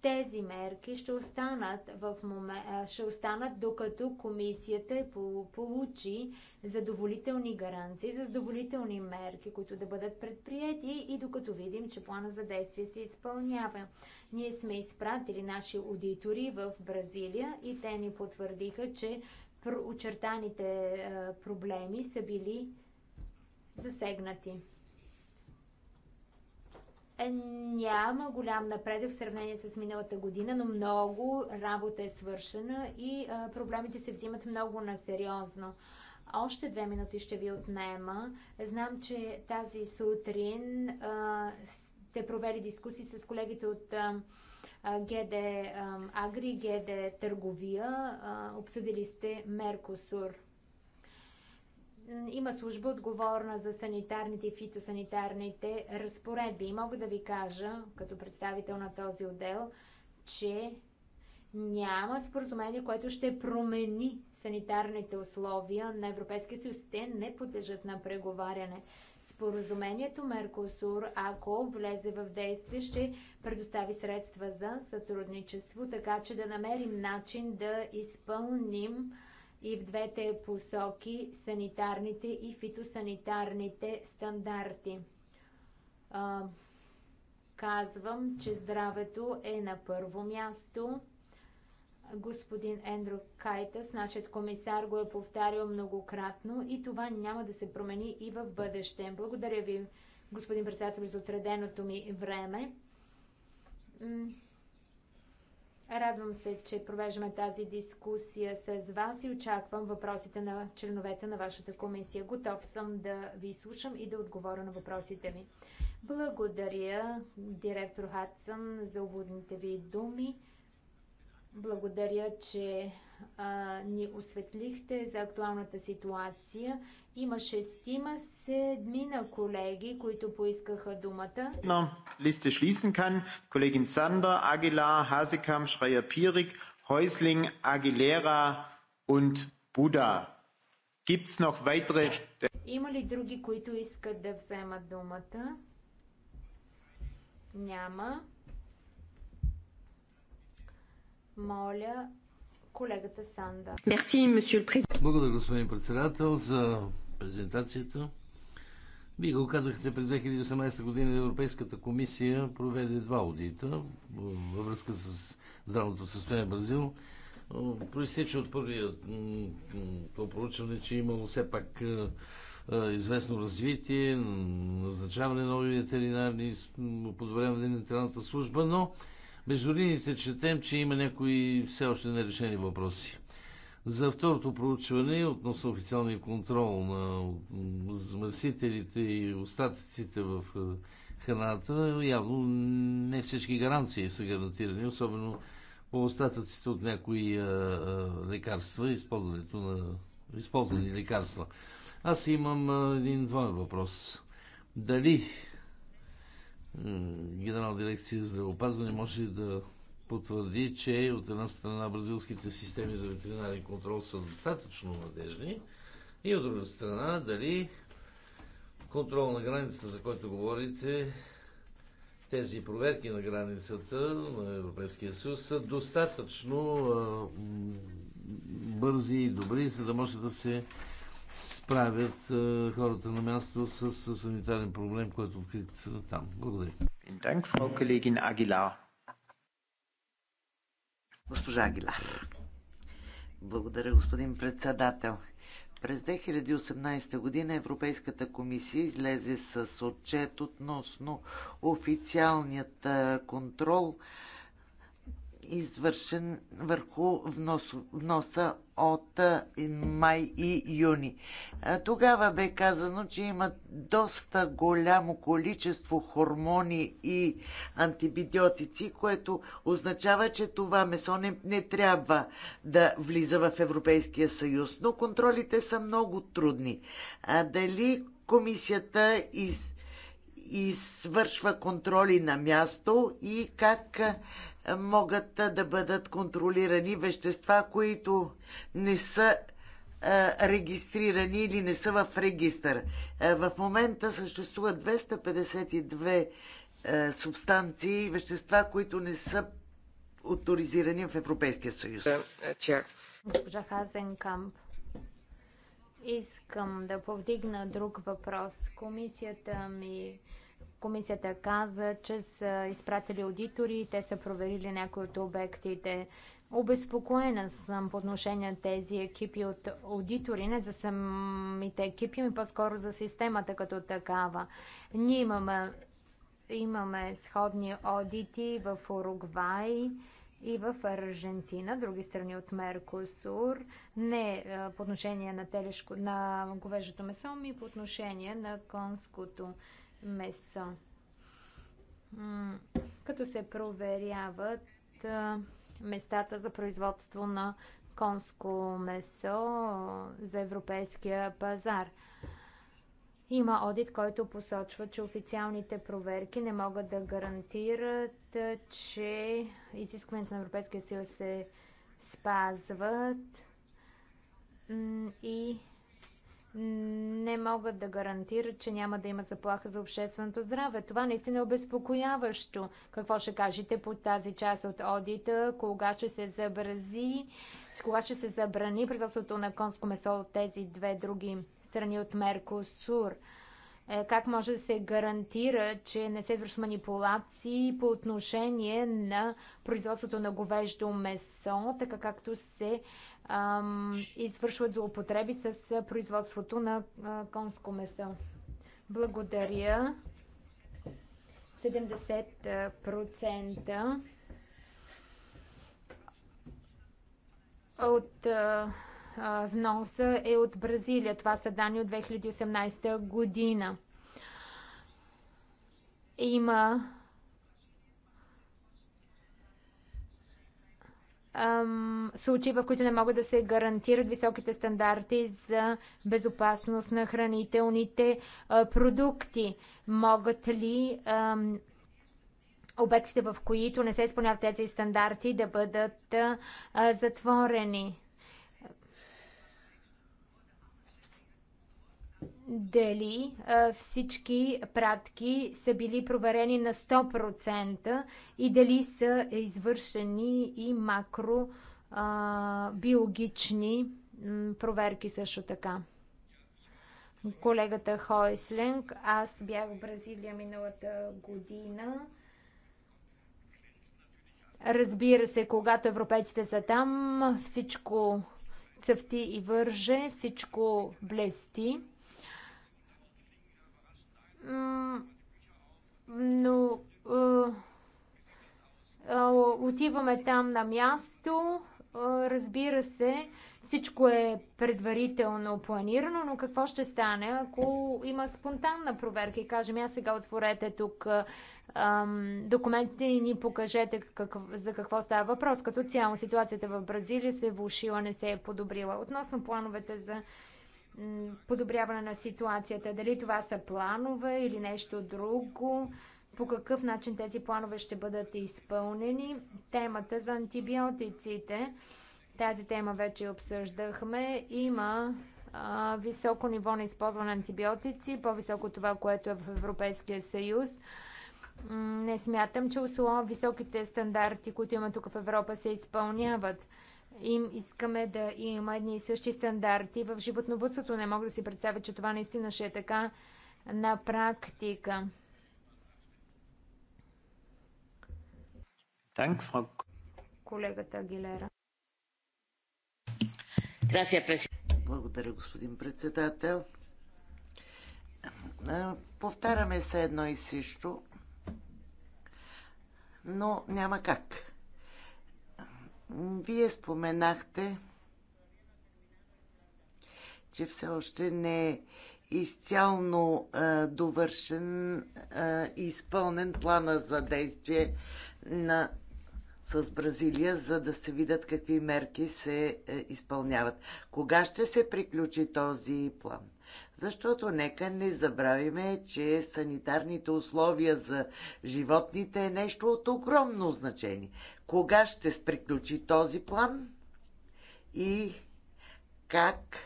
Тези мерки ще останат, в момент, ще останат докато комисията е получи задоволителни гаранции, за задоволителни мерки, които да бъдат предприяти и докато видим, че плана за действие се изпълнява. Ние сме изпратили наши аудитори в Бразилия и те ни потвърдиха, че очертаните проблеми са били засегнати. Е, няма голям напредък в сравнение с миналата година, но много работа е свършена и а, проблемите се взимат много на сериозно. Още две минути ще ви отнема. Знам, че тази сутрин а, сте провели дискусии с колегите от а, ГД Агри, ГД Търговия. Обсъдили сте Меркосур има служба отговорна за санитарните и фитосанитарните разпоредби. И мога да ви кажа, като представител на този отдел, че няма споразумение, което ще промени санитарните условия на Европейския съюз. Те не подлежат на преговаряне. Споразумението Меркосур, ако влезе в действие, ще предостави средства за сътрудничество, така че да намерим начин да изпълним и в двете посоки санитарните и фитосанитарните стандарти. А, казвам, че здравето е на първо място. Господин Ендро Кайтас, нашият комисар, го е повтарял многократно и това няма да се промени и в бъдеще. Благодаря ви, господин председател, за отреденото ми време. Радвам се, че провеждаме тази дискусия с вас и очаквам въпросите на членовете на вашата комисия. Готов съм да ви слушам и да отговоря на въпросите ми. Благодаря, директор Хадсън, за уводните ви думи. Благодаря, че а, ни осветлихте за актуалната ситуация. Има шестима, седмина колеги, които поискаха думата. Листе шлисен кан колегин Sander, Агила, Hasekam, Шрая Пирик, Häusling, Агилера и Буда. Gibt's noch weitere? Има ли други, които искат да вземат думата? Няма. Моля, колегата Санда. Благодаря, господин председател, за презентацията. Вие го казахте, през 2018 година Европейската комисия проведе два аудита във връзка с здравното състояние в Бразил. Проистече от първия то проучване, че е имало все пак е, е, известно развитие, назначаване на нови ветеринарни, подобряване на ветеринарната служба, но между линиите четем, че има някои все още нерешени въпроси. За второто проучване относно официалния контрол на замърсителите и остатъците в е, храната, явно не всички гаранции са гарантирани, особено по остатъците от някои а, е, а, е, лекарства, използването на използвани лекарства. Аз имам а, един двоен въпрос. Дали Генерал дирекция здравеопазване може да потвърди, че от една страна бразилските системи за ветеринарен контрол са достатъчно надежни и от друга страна дали контрол на границата, за който говорите, тези проверки на границата на Европейския съюз са достатъчно а, бързи и добри, за да може да се справят хората на място с санитарен проблем, който е открит там. Благодаря. Dank, Frau Kollegin Aguilar. Госпожа Агилар. Благодаря, господин председател. През 2018 година Европейската комисия излезе с отчет относно официалният контрол, извършен върху вноса от май и юни. Тогава бе казано, че има доста голямо количество хормони и антибиотици, което означава, че това месо не, не трябва да влиза в Европейския съюз. Но контролите са много трудни. А дали комисията из извършва контроли на място и как могат да бъдат контролирани вещества, които не са регистрирани или не са в регистър. В момента съществуват 252 субстанции и вещества, които не са авторизирани в Европейския съюз. Госпожа Хазенкамп, Искам да повдигна друг въпрос. Комисията ми Комисията каза, че са изпратили аудитори те са проверили някои от обектите. Обезпокоена съм по отношение на тези екипи от аудитори, не за самите екипи, ми по-скоро за системата като такава. Ние имаме, имаме сходни аудити в Уругвай, и в Аржентина, други страни от Меркосур, не е, по отношение на, телешко, на говежето месо, ми по отношение на конското месо. Като се проверяват е, местата за производство на конско месо е, за европейския пазар – има одит, който посочва, че официалните проверки не могат да гарантират, че изискването на Европейския съюз се спазват и не могат да гарантират, че няма да има заплаха за общественото здраве. Това наистина е обезпокояващо. Какво ще кажете по тази част от одита? Кога ще се забрази? Кога ще се забрани производството на конско месо от тези две други страни от Меркосур? Е, как може да се гарантира, че не се върши манипулации по отношение на производството на говеждо месо, така както се ам, извършват злоупотреби с производството на а, конско месо? Благодаря. 70% от а, внос е от Бразилия. Това са данни от 2018 година. Има случаи, в които не могат да се гарантират високите стандарти за безопасност на хранителните продукти. Могат ли ам, обектите, в които не се изпълняват тези стандарти, да бъдат а, затворени? дали всички пратки са били проверени на 100% и дали са извършени и макробиологични проверки също така. Колегата Хойсленг, аз бях в Бразилия миналата година. Разбира се, когато европейците са там, всичко цъфти и върже, всичко блести но отиваме там на място. Разбира се, всичко е предварително планирано, но какво ще стане, ако има спонтанна проверка и кажем, я сега отворете тук ам, документите и ни покажете какъв, за какво става въпрос. Като цяло ситуацията в Бразилия се е влушила, не се е подобрила. Относно плановете за подобряване на ситуацията. Дали това са планове или нещо друго, по какъв начин тези планове ще бъдат изпълнени. Темата за антибиотиците, тази тема вече обсъждахме, има а, високо ниво на използване на антибиотици, по-високо това, което е в Европейския съюз. Не смятам, че условно високите стандарти, които има тук в Европа, се изпълняват им искаме да има едни и същи стандарти в животновътството. Не мога да си представя, че това наистина ще е така на практика. Dank, Колегата Агилера. Благодаря, господин председател. Повтаряме се едно и също, но няма как. Вие споменахте, че все още не е изцяло а, довършен и изпълнен плана за действие на, с Бразилия, за да се видят какви мерки се а, е, изпълняват. Кога ще се приключи този план? Защото нека не забравиме, че санитарните условия за животните е нещо от огромно значение. Кога ще приключи този план и как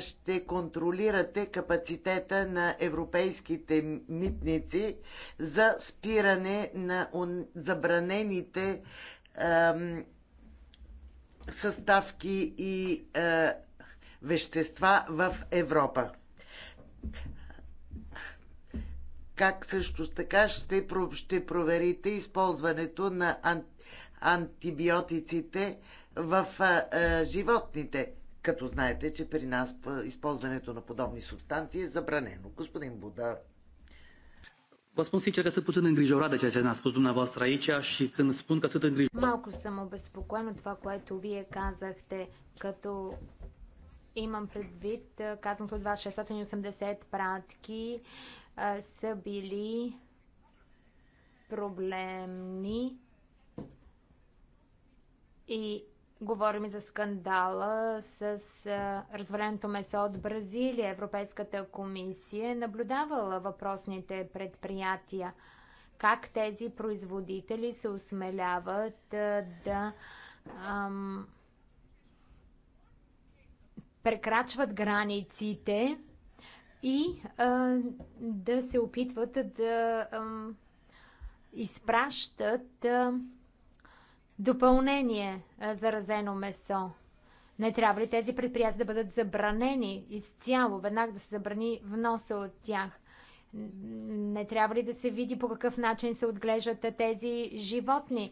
ще контролирате капацитета на европейските митници за спиране на забранените съставки и вещества в Европа. Как също така ще, ще проверите използването на ан, антибиотиците в а, а, животните, като знаете, че при нас използването на подобни субстанции е забранено. Господин Буда. Vă spun sincer că sunt puțin îngrijorat de ceea ce ne-a spus dumneavoastră aici și când spun că sunt îngrijorat... Малко съм обезпокоен от това, което вие казахте, като Имам предвид, казвам, от вас, 680 пратки а, са били проблемни и говорим за скандала с а, разваленото месо от Бразилия. Европейската комисия е наблюдавала въпросните предприятия. Как тези производители се осмеляват а, да ам, прекрачват границите и а, да се опитват да а, изпращат а, допълнение а, заразено месо. Не трябва ли тези предприятия да бъдат забранени изцяло, веднага да се забрани вноса от тях? Не трябва ли да се види по какъв начин се отглеждат тези животни,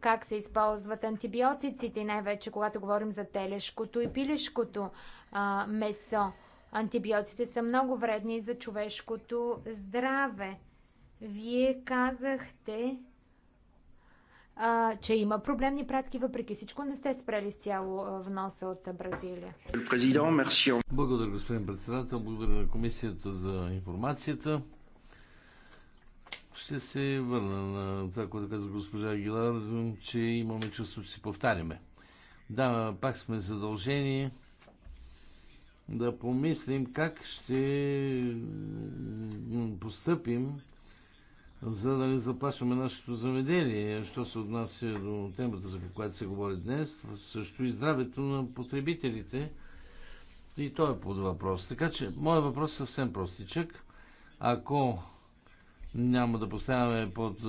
как се използват антибиотиците, най-вече когато говорим за телешкото и пилешкото а, месо. Антибиотиците са много вредни за човешкото здраве. Вие казахте, а, че има проблемни пратки, въпреки всичко не сте спрели с цяло вноса от Бразилия. Благодаря, господин председател. Благодаря на комисията за информацията. Ще се върна на това, което каза госпожа Агилар, че имаме чувство, че се повтаряме. Да, пак сме задължени да помислим как ще постъпим за да не заплашваме нашето заведение, Що се отнася до темата, за която се говори днес, също и здравето на потребителите. И то е под въпрос. Така че, моят въпрос е съвсем простичък. Ако няма да поставяме под е,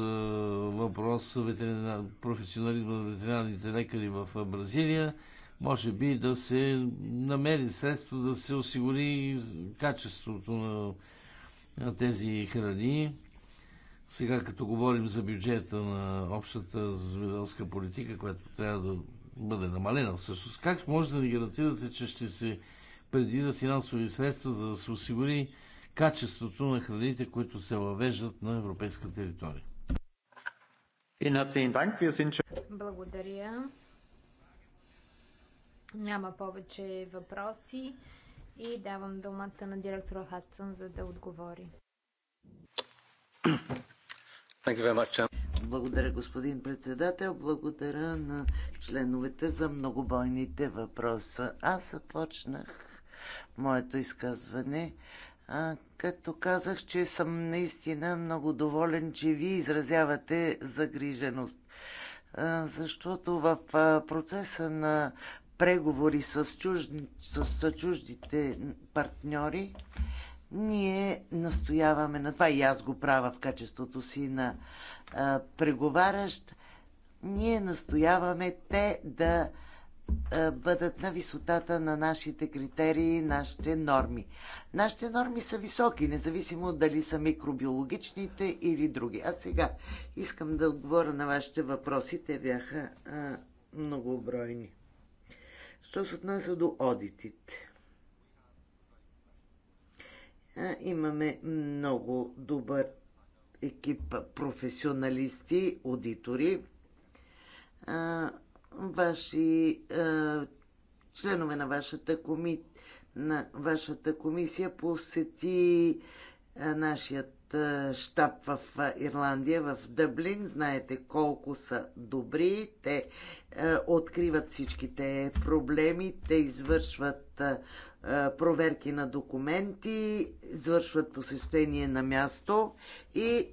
въпрос ветеринар, професионализма на ветеринарните лекари в е, Бразилия, може би да се намери средство да се осигури качеството на тези храни сега, като говорим за бюджета на общата земеделска политика, която трябва да бъде намалена всъщност, как може да ни гарантирате, че ще се предвида финансови средства, за да се осигури качеството на храните, които се въвеждат на европейска територия? Благодаря. Няма повече въпроси и давам думата на директора Хадсън, за да отговори. Благодаря, господин председател. Благодаря на членовете за многобойните въпроса. Аз започнах моето изказване, а, като казах, че съм наистина много доволен, че ви изразявате загриженост. А, защото в а, процеса на преговори с, чуж... с, с чуждите партньори, ние настояваме на това и аз го правя в качеството си на а, преговарящ. Ние настояваме те да а, бъдат на висотата на нашите критерии, нашите норми. Нашите норми са високи, независимо дали са микробиологичните или други. А сега искам да отговоря на вашите въпроси. Те бяха а, многобройни. Що се отнася до одитите? Имаме много добър екип професионалисти, аудитори, ваши членове на вашата, коми... на вашата комисия посети нашият щаб в Ирландия, в Дъблин. Знаете колко са добри. Те е, откриват всичките проблеми, те извършват е, проверки на документи, извършват посещение на място и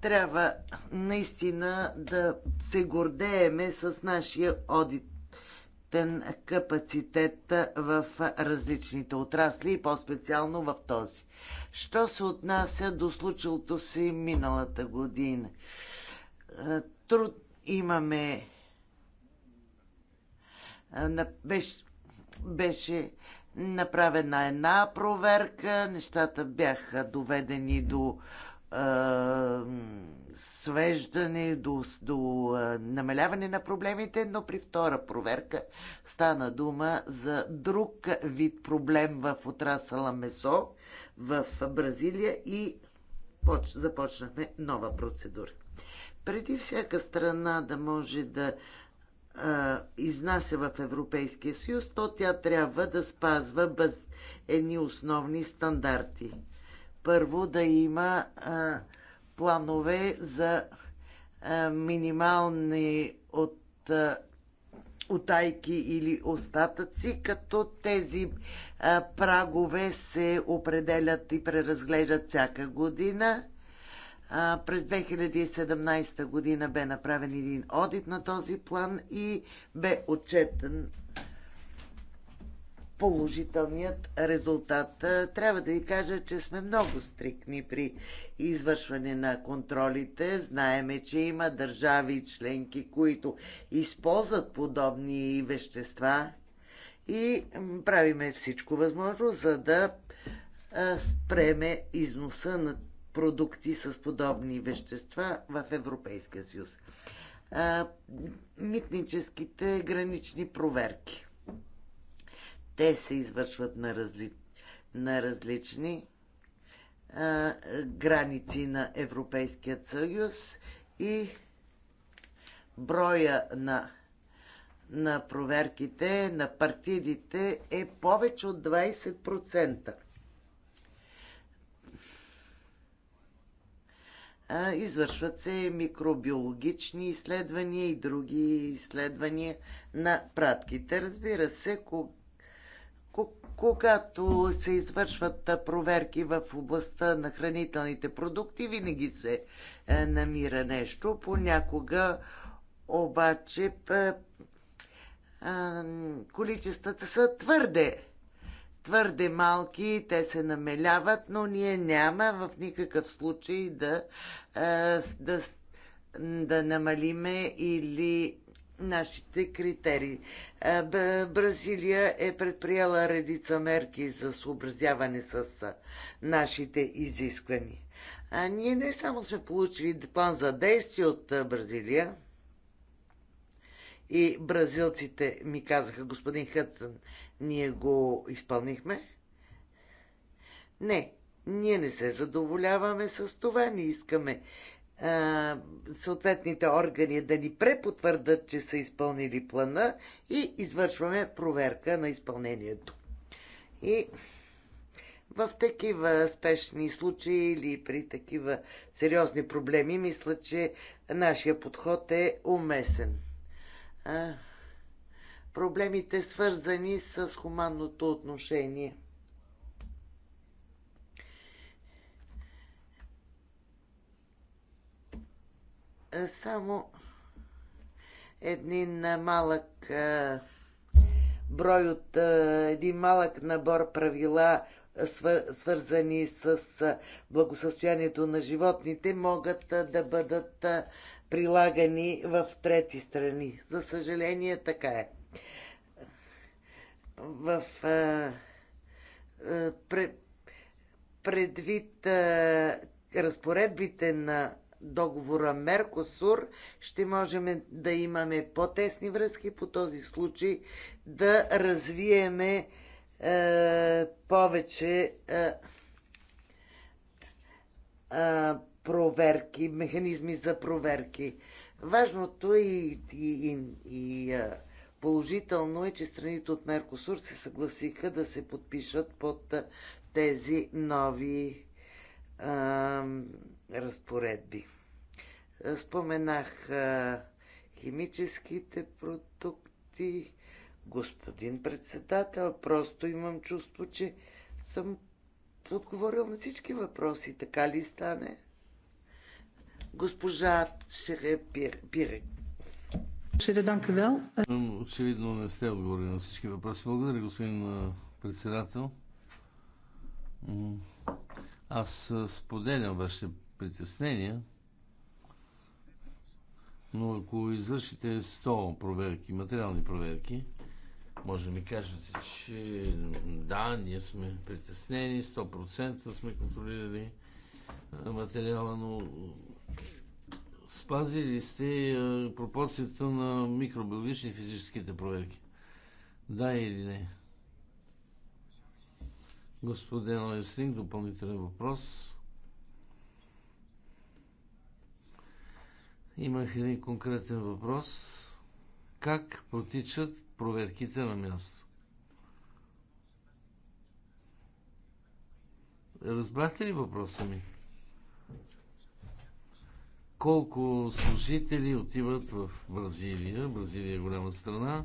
трябва наистина да се гордееме с нашия одит наличен капацитет в различните отрасли и по-специално в този. Що се отнася до случилото си миналата година? Труд имаме. Беше, беше направена една проверка, нещата бяха доведени до свеждане, до, до а, намаляване на проблемите, но при втора проверка стана дума за друг вид проблем в отрасъла месо в Бразилия и поч, започнахме нова процедура. Преди всяка страна да може да а, изнася в Европейския съюз, то тя трябва да спазва без едни основни стандарти. Първо да има а, планове за минимални от отайки или остатъци, като тези а, прагове се определят и преразглеждат всяка година. А, през 2017 година бе направен един одит на този план и бе отчетен положителният резултат. Е, трябва да ви кажа, че сме много стрикни при извършване на контролите. Знаеме, че има държави членки, които използват подобни вещества и правиме всичко възможно, за да е, спреме износа на продукти с подобни вещества в Европейския съюз. Е, митническите гранични проверки те се извършват на, разли... на различни а, граници на Европейския съюз и броя на, на проверките на партидите е повече от 20%. Извършват се микробиологични изследвания и други изследвания на пратките. Разбира се, когато се извършват проверки в областта на хранителните продукти, винаги се намира нещо. Понякога обаче количествата са твърде твърде малки, те се намеляват, но ние няма в никакъв случай да, да, да намалиме или нашите критерии. Бразилия е предприела редица мерки за съобразяване с нашите изисквания. А ние не само сме получили план за действие от Бразилия, и бразилците ми казаха, господин Хътсън, ние го изпълнихме. Не, ние не се задоволяваме с това, не искаме съответните органи да ни препотвърдат, че са изпълнили плана и извършваме проверка на изпълнението. И в такива спешни случаи или при такива сериозни проблеми, мисля, че нашия подход е уместен. А, проблемите свързани с хуманното отношение – Е, само един малък брой от един малък набор правила, свързани с благосъстоянието на животните, могат да бъдат прилагани в трети страни. За съжаление, така е. В предвид разпоредбите на договора Меркосур, ще можем да имаме по-тесни връзки, по този случай да развиеме е, повече е, е, проверки, механизми за проверки. Важното е и, и, и, и е, положително е, че страните от Меркосур се съгласиха да се подпишат под е, тези нови разпоредби. Е, споменах е, химическите продукти. Господин председател, просто имам чувство, че съм отговорил на всички въпроси. Така ли стане? Госпожа Шере Пирек. Очевидно не сте отговорили на всички въпроси. Благодаря, господин председател. Аз споделям вашите притеснения. Но ако извършите 100 проверки, материални проверки, може да ми кажете, че да, ние сме притеснени, 100% сме контролирали материала, но спазили сте пропорцията на микробиологични и физическите проверки? Да или не? Господин Леслинг, допълнителен въпрос. Имах един конкретен въпрос. Как протичат проверките на място? Разбрахте ли въпроса ми? Колко служители отиват в Бразилия? Бразилия е голяма страна.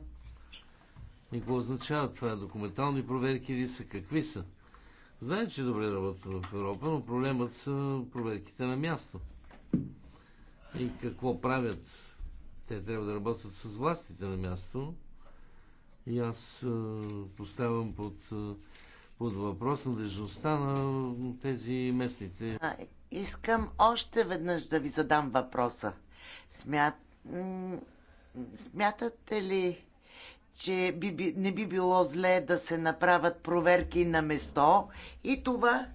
И какво означава това? Документални проверки ли са? Какви са? Знаете, че добре работят в Европа, но проблемът са проверките на място и какво правят. Те трябва да работят с властите на място. И аз е, поставям под, е, под въпрос надежността на тези местните. А, искам още веднъж да ви задам въпроса. Смят... Смятате ли, че би, би, не би било зле да се направят проверки на место и това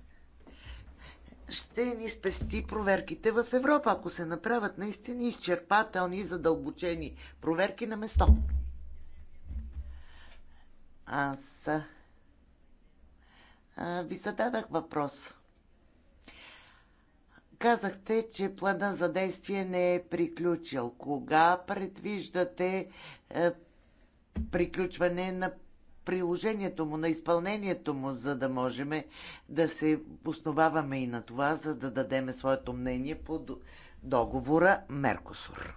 ще ни спести проверките в Европа, ако се направят наистина изчерпателни и задълбочени проверки на место. Аз а, ви зададах въпрос. Казахте, че плана за действие не е приключил. Кога предвиждате е, приключване на приложението му, на изпълнението му, за да можем да се основаваме и на това, за да дадеме своето мнение по договора Меркосур.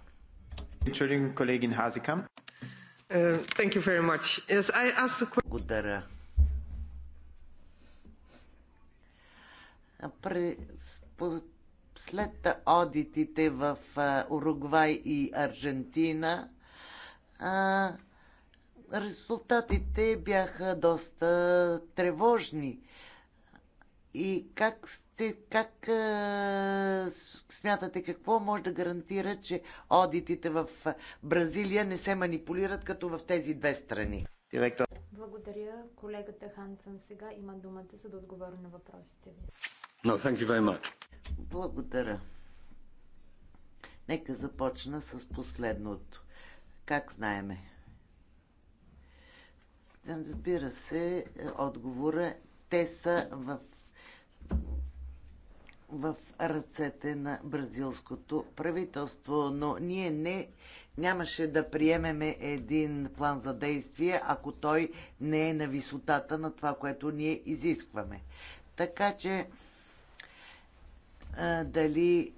Благодаря. След одитите в Уругвай и Аржентина, резултатите бяха доста тревожни. И как, сте, как а, смятате, какво може да гарантира, че одитите в Бразилия не се манипулират като в тези две страни? Директор. Благодаря. Колегата Хансън сега има думата, за да отговори на въпросите ви. No, thank you very much. Благодаря. Нека започна с последното. Как знаеме? разбира се, е, отговора те са в в ръцете на бразилското правителство, но ние не нямаше да приемеме един план за действие, ако той не е на висотата на това, което ние изискваме. Така че а, е, дали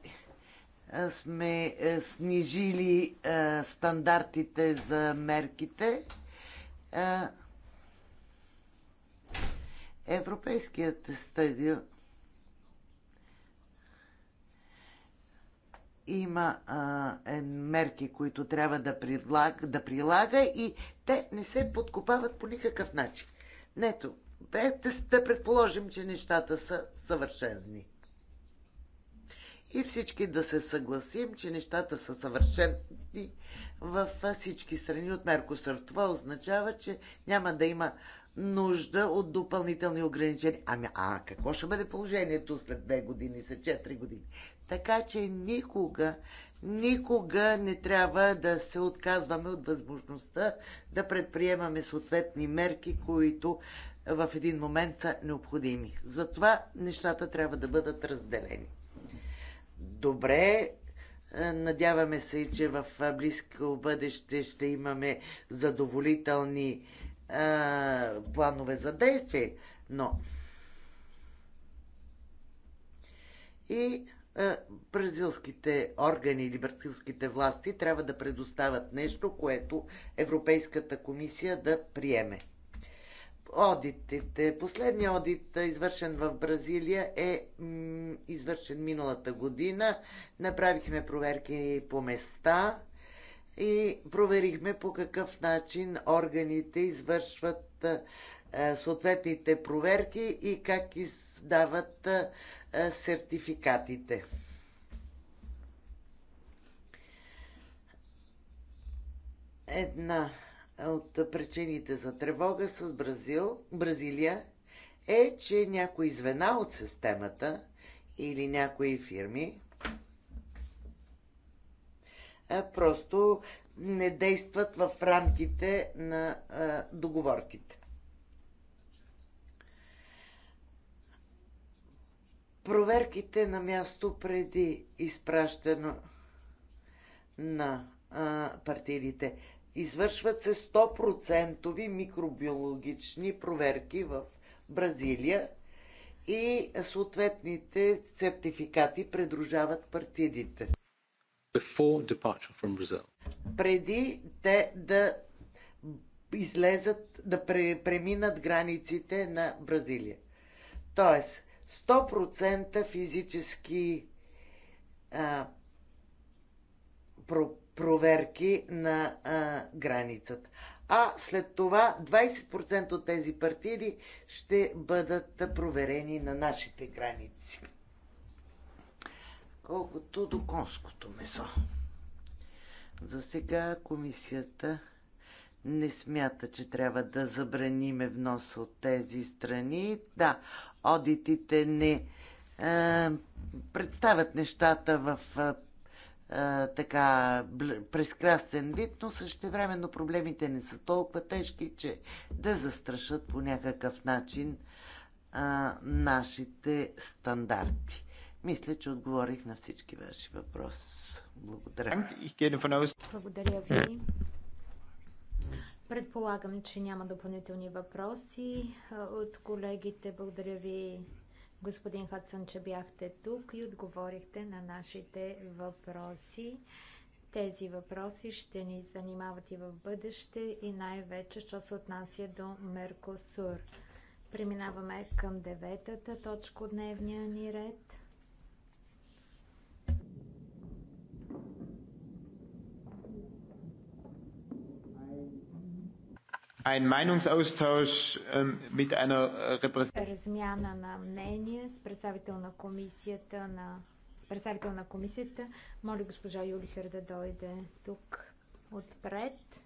е, сме снижили а, стандартите за мерките, а, Европейският стадион има а, е, мерки, които трябва да, предлаг, да прилага и те не се подкопават по никакъв начин. Нето, да, да предположим, че нещата са съвършенни. И всички да се съгласим, че нещата са съвършенни във всички страни от Меркосър. Това означава, че няма да има нужда от допълнителни ограничения. Ами, а какво ще бъде положението след две години, след 4 години? Така че никога, никога не трябва да се отказваме от възможността да предприемаме съответни мерки, които в един момент са необходими. Затова нещата трябва да бъдат разделени. Добре, е, надяваме се, че в близко бъдеще ще имаме задоволителни планове за действие, но и бразилските органи или бразилските власти трябва да предоставят нещо, което Европейската комисия да приеме. Одитите. Последният одит, извършен в Бразилия, е извършен миналата година. Направихме проверки по места и проверихме по какъв начин органите извършват съответните проверки и как издават сертификатите. Една от причините за тревога с Бразил, Бразилия е, че някои звена от системата или някои фирми просто не действат в рамките на договорките. Проверките на място преди изпращане на партидите. Извършват се 100% микробиологични проверки в Бразилия и съответните сертификати придружават партидите before departure from Brazil. Преди те да излезат, да преминат границите на Бразилия. Тоест, 100% физически а, про, проверки на а, границата. А след това 20% от тези партиди ще бъдат проверени на нашите граници колкото до конското месо. За сега комисията не смята, че трябва да забраниме внос от тези страни. Да, одитите не е, представят нещата в е, така прескрастен вид, но същевременно проблемите не са толкова тежки, че да застрашат по някакъв начин е, нашите стандарти. Мисля, че отговорих на всички ваши въпроси. Благодаря. Благодаря ви. Предполагам, че няма допълнителни въпроси от колегите. Благодаря ви, господин Хадсън, че бяхте тук и отговорихте на нашите въпроси. Тези въпроси ще ни занимават и в бъдеще и най-вече, що се отнася до Меркосур. Преминаваме към деветата точка от дневния ни ред – Ein Meinungsaustausch ähm, mit einer äh, Размяна на мнение с представител на комисията на с представител на комисията. Моля госпожа Юлихер да дойде тук отпред.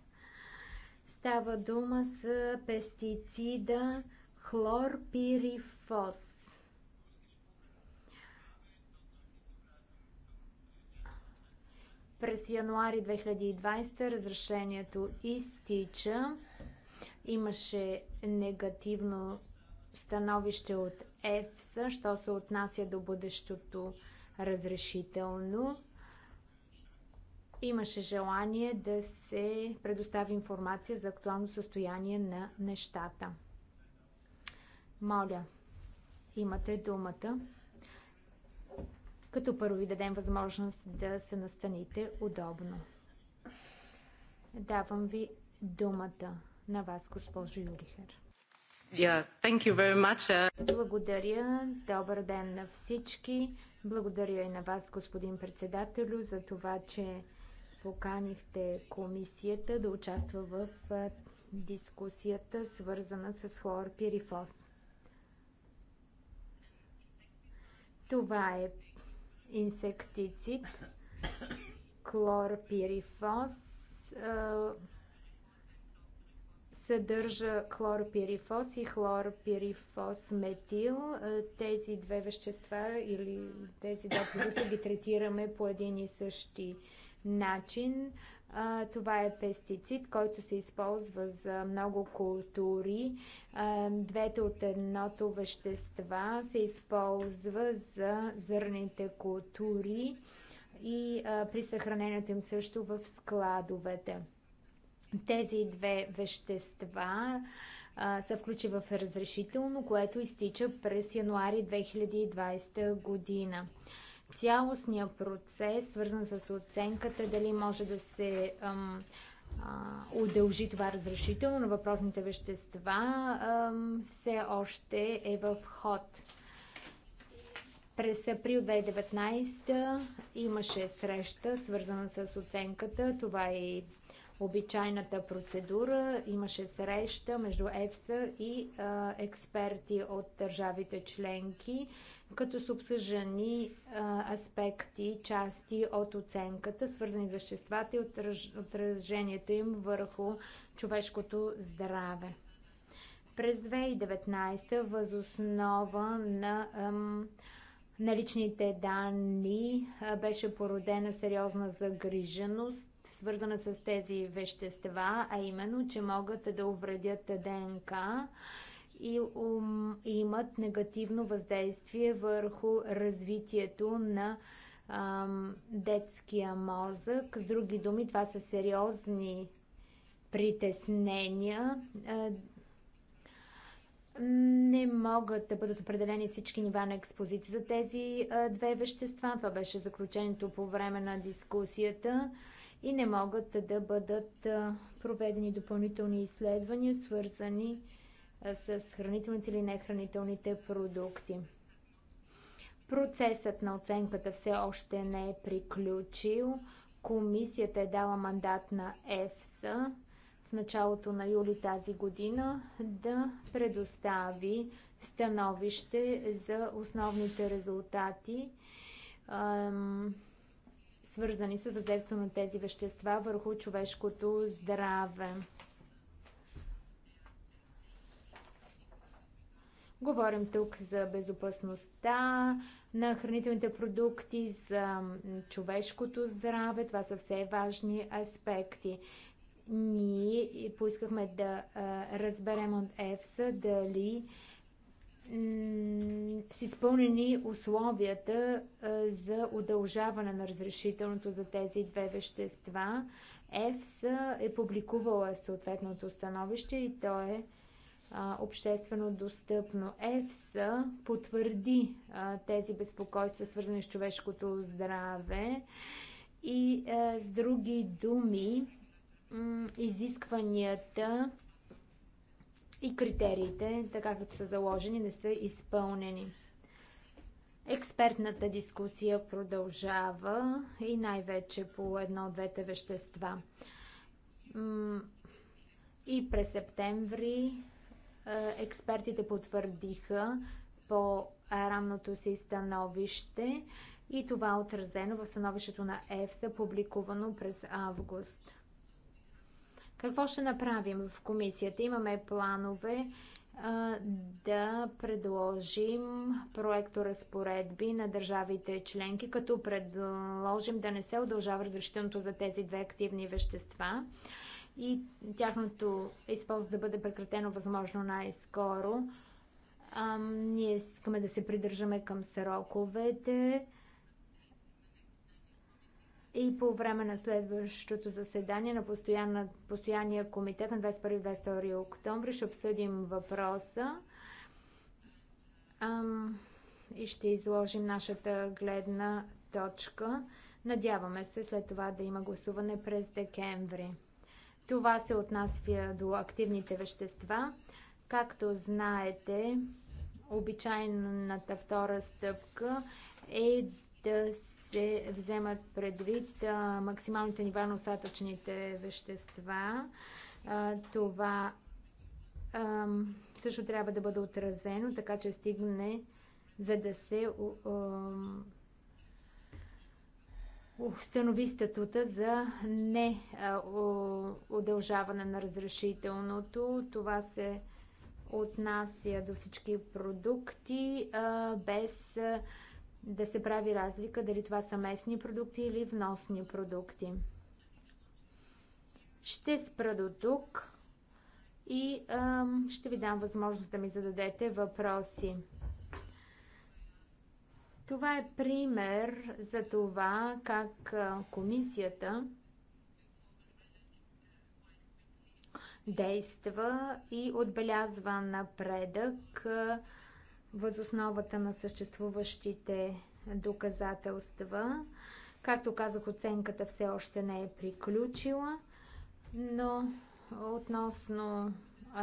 Става дума с пестицида хлорпирифос. През януари 2020 разрешението изтича. Имаше негативно становище от ЕФСА, що се отнася до бъдещото разрешително. Имаше желание да се предостави информация за актуално състояние на нещата. Моля, имате думата. Като първо ви дадем възможност да се настаните удобно. Давам ви думата на вас, госпожо Юрихер. Yeah, thank you very much. Uh, Благодаря. Добър ден на всички. Благодаря и на вас, господин председателю, за това, че поканихте комисията да участва в дискусията, свързана с хлорпирифос. Това е инсектицид, хлорпирифос, съдържа хлорпирифос и хлорпирифос метил. Е, тези две вещества или тези две продукти ги третираме по един и същи начин. Е, това е пестицид, който се използва за много култури. Е, двете от едното вещества се използва за зърните култури и при съхранението им също в складовете. Тези две вещества се са включи в разрешително, което изтича през януари 2020 година. Цялостният процес, свързан с оценката, дали може да се ам, удължи това разрешително на въпросните вещества, все още е в ход. През април 2019 имаше среща, свързана с оценката. Това е обичайната процедура. Имаше среща между ЕФСА и а, експерти от държавите членки, като са обсъждани аспекти, части от оценката, свързани с веществата и отраж... отражението им върху човешкото здраве. През 2019 възоснова на ам, наличните данни беше породена сериозна загриженост свързана с тези вещества, а именно, че могат да увредят ДНК и ум, имат негативно въздействие върху развитието на ам, детския мозък. С други думи, това са сериозни притеснения. Е, не могат да бъдат определени всички нива на експозиция за тези е, две вещества. Това беше заключението по време на дискусията и не могат да бъдат проведени допълнителни изследвания, свързани с хранителните или нехранителните продукти. Процесът на оценката все още не е приключил. Комисията е дала мандат на ЕФСА в началото на юли тази година да предостави становище за основните резултати свързани с въздействието на тези вещества върху човешкото здраве. Говорим тук за безопасността на хранителните продукти, за човешкото здраве. Това са все важни аспекти. Ние поискахме да разберем от ЕФСА дали с изпълнени условията за удължаване на разрешителното за тези две вещества. ЕФС е публикувала съответното становище и то е обществено достъпно. ЕФС потвърди тези безпокойства, свързани с човешкото здраве и с други думи изискванията и критериите, така както са заложени, не са изпълнени. Експертната дискусия продължава и най-вече по едно от двете вещества. И през септември е, експертите потвърдиха по ранното си становище и това е отразено в становището на ЕФСА, публикувано през август. Какво ще направим в комисията? Имаме планове а, да предложим проекторазпоредби на държавите членки, като предложим да не се удължава разрешителното за тези две активни вещества и тяхното използване да бъде прекратено възможно най-скоро. ние искаме да се придържаме към сроковете и по време на следващото заседание на постоянния комитет на 21-22 октомври ще обсъдим въпроса ам, и ще изложим нашата гледна точка. Надяваме се след това да има гласуване през декември. Това се отнася до активните вещества. Както знаете, обичайната втора стъпка е да се се вземат предвид максималните нива на остатъчните вещества. това също трябва да бъде отразено, така че стигне, за да се установи статута за не удължаване на разрешителното. Това се отнася до всички продукти без да се прави разлика дали това са местни продукти или вносни продукти. Ще спра до тук и ам, ще ви дам възможност да ми зададете въпроси. Това е пример за това как комисията действа и отбелязва напредък възосновата на съществуващите доказателства. Както казах, оценката все още не е приключила, но относно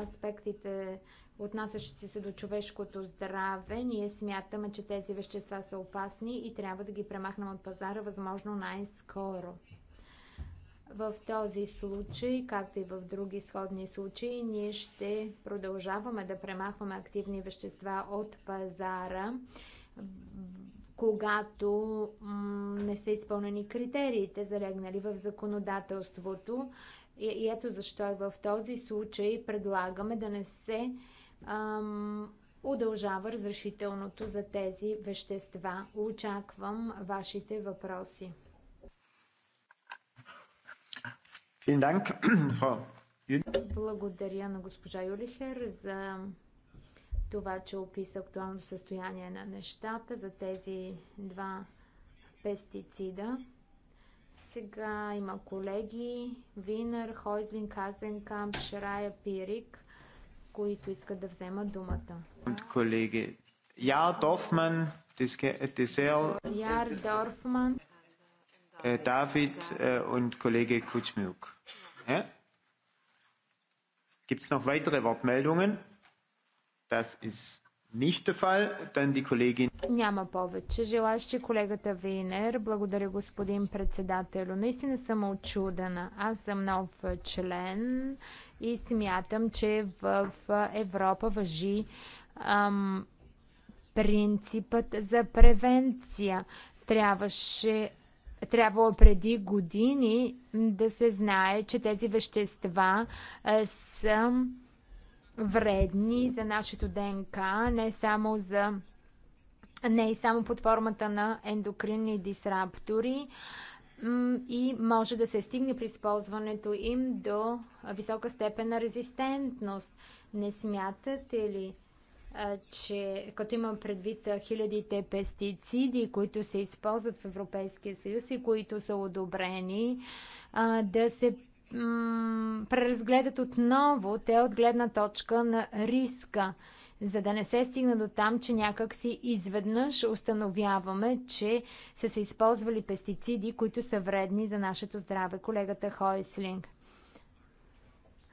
аспектите, отнасящи се до човешкото здраве, ние смятаме, че тези вещества са опасни и трябва да ги премахнем от пазара възможно най-скоро. В този случай, както и в други сходни случаи, ние ще продължаваме да премахваме активни вещества от пазара, когато не са изпълнени критериите, залегнали в законодателството. И ето защо и в този случай предлагаме да не се ам, удължава разрешителното за тези вещества. Очаквам вашите въпроси. Благодаря на госпожа Юлихер за това, че описа актуално състояние на нещата за тези два пестицида. Сега има колеги Винер, Хойзлин, Казенкамп, Шрая, Пирик, които искат да вземат думата. Колеги Яр Дорфман, Десел, Яр Дорфман, Давид и колеги Кучмюк. Ja? Gibt es noch weitere Wortmeldungen? Das ist nicht der Fall. Dann die Kollegin. Няма повече. Желащи колегата Вейнер. Благодаря, господин председателю. Наистина съм очудена. Аз съм нов член и смятам, че в Европа въжи ам, принципът за превенция. Трябваше трябва преди години да се знае, че тези вещества са вредни за нашето ДНК, не само за не само под формата на ендокринни дисраптори и може да се стигне при използването им до висока степен на резистентност. Не смятате ли, че като имам предвид хилядите пестициди, които се използват в Европейския съюз и които са одобрени, да се преразгледат отново те от гледна точка на риска, за да не се стигне до там, че някак си изведнъж установяваме, че са се използвали пестициди, които са вредни за нашето здраве. Колегата Хойслинг.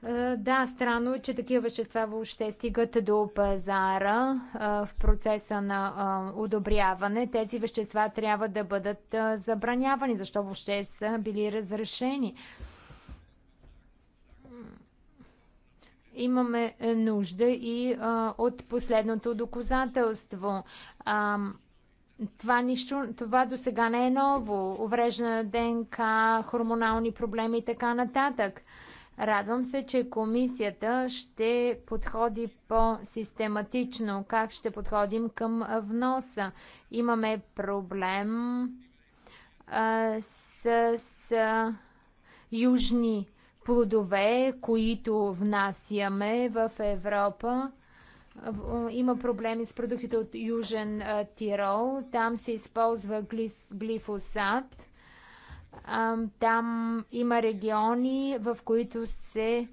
Е, да, странно е, че такива вещества въобще стигат до пазара е, в процеса на е, одобряване. Тези вещества трябва да бъдат забранявани. Защо въобще са били разрешени? Имаме нужда и от последното доказателство. Това, нищо, това до сега не е ново. Увреждане ДНК, хормонални проблеми и така нататък. Радвам се, че комисията ще подходи по-систематично. Как ще подходим към вноса? Имаме проблем а, с, а, южни плодове, които внасяме в Европа. Има проблеми с продуктите от Южен Тирол. Там се използва глифосат там има региони, в които се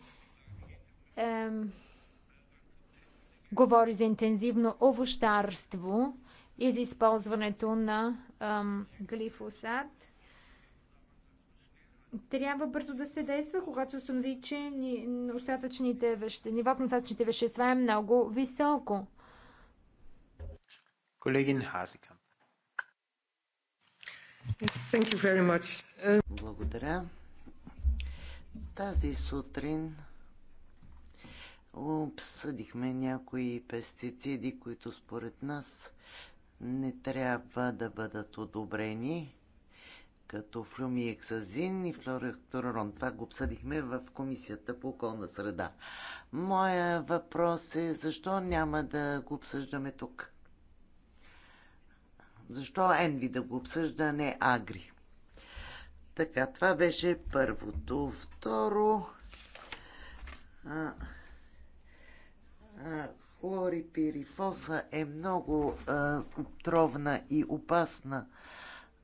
говори за интензивно овощарство и за използването на глифосат. Трябва бързо да се действа, когато установи, че остатъчните веще... нивото на остатъчните вещества е много високо. Колегин Хазикам. Благодаря. Тази сутрин обсъдихме някои пестициди, които според нас не трябва да бъдат одобрени, като флюмиексазин и флоректорон. Това го обсъдихме в Комисията по околна среда. Моя въпрос е защо няма да го обсъждаме тук? Защо Енви да го обсъжда, а не Агри? Така, това беше първото. Второ, а, а, хлорипирифоса е много а, отровна и опасна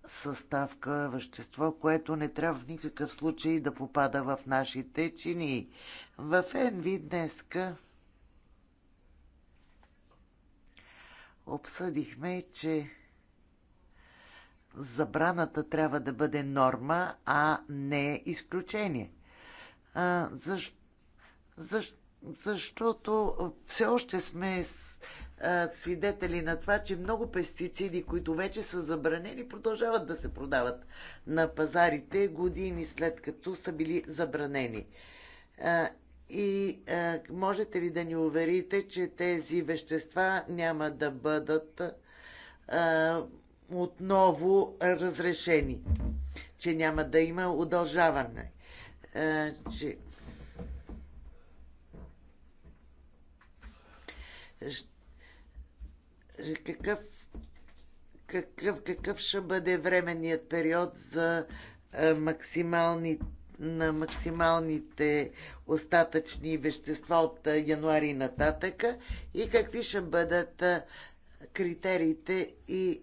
съставка, вещество, което не трябва в никакъв случай да попада в нашите чини. В Енви днеска обсъдихме, че забраната трябва да бъде норма, а не изключение. А, защ, защ, защото все още сме с, а, свидетели на това, че много пестициди, които вече са забранени, продължават да се продават на пазарите години след като са били забранени. А, и а, можете ли да ни уверите, че тези вещества няма да бъдат а, отново е разрешени, че няма да има удължаване. Е, че... Е, какъв, какъв, какъв ще бъде временният период за максимални, на максималните остатъчни вещества от януари нататъка и какви ще бъдат критериите и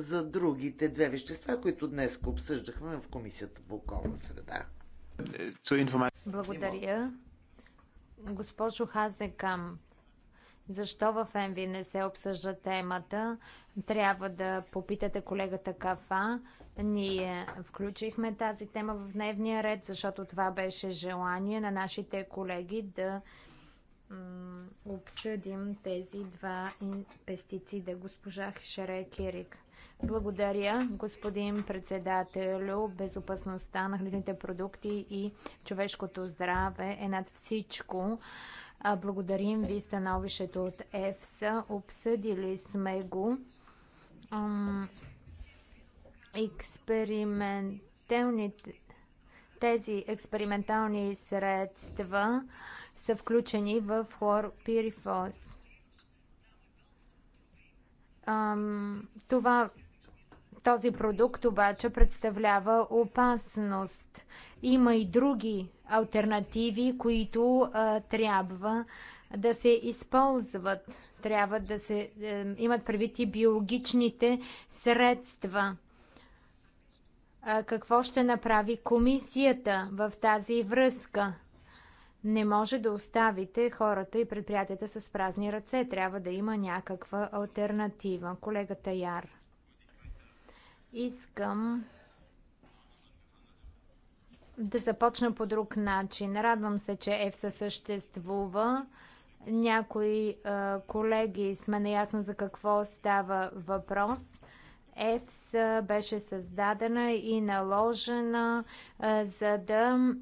за другите две вещества, които днес обсъждахме в Комисията по околна среда. Е, Благодаря. Госпожо Хазекам, защо в ЕНВИ не се обсъжда темата? Трябва да попитате колегата Кафа. Ние включихме тази тема в дневния ред, защото това беше желание на нашите колеги да обсъдим тези два пестицида. Госпожа Хшере Кирик. Благодаря, господин председателю. Безопасността на хлебните продукти и човешкото здраве е над всичко. Благодарим ви становището от ЕФСА. Обсъдили сме го. Експерименталните тези експериментални средства са включени в хлорпирифос. Това този продукт обаче представлява опасност. Има и други альтернативи, които а, трябва да се използват. Трябва да се е, имат предвид и биологичните средства. А, какво ще направи комисията в тази връзка? Не може да оставите хората и предприятията с празни ръце. Трябва да има някаква альтернатива. Колегата Яр. Искам да започна по друг начин. Радвам се, че ЕФСА съществува. Някои е, колеги сме наясно за какво става въпрос. ЕФС е, беше създадена и наложена е, за да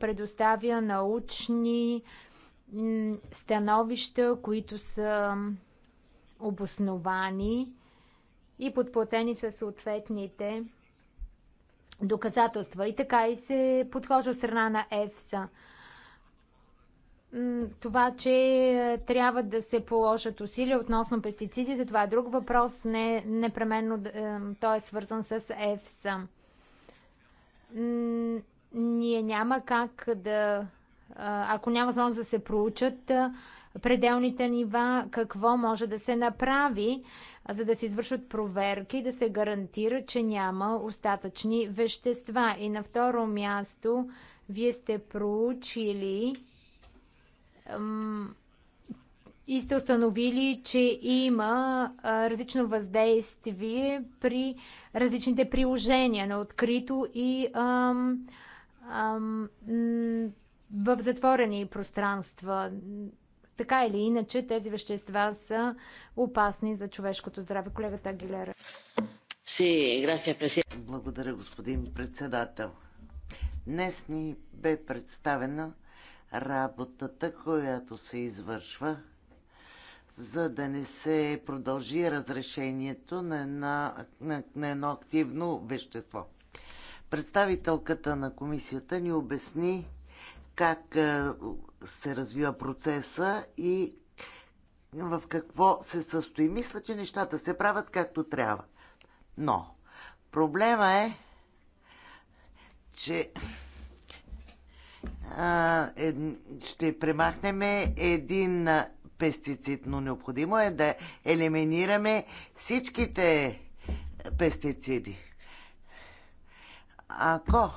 предоставя научни становища, които са обосновани и подплатени със съответните доказателства. И така и се подхожда от страна на ЕФСА. Това, че е, трябва да се положат усилия относно пестицидите, това е друг въпрос, не непременно той е свързан с ЕФСА ние няма как да, ако няма възможност да се проучат пределните нива, какво може да се направи, за да се извършват проверки, да се гарантира, че няма остатъчни вещества. И на второ място, вие сте проучили и сте установили, че има различно въздействие при различните приложения на открито и ам, в затворени пространства. Така или иначе, тези вещества са опасни за човешкото здраве. Колегата Агилера. Благодаря, господин председател. Днес ни бе представена работата, която се извършва, за да не се продължи разрешението на, едно, на, на едно активно вещество. Представителката на комисията ни обясни как е, се развива процеса и в какво се състои. Мисля, че нещата се правят както трябва. Но проблема е, че а, е, ще премахнем един пестицид, но необходимо е да елиминираме всичките пестициди. Ако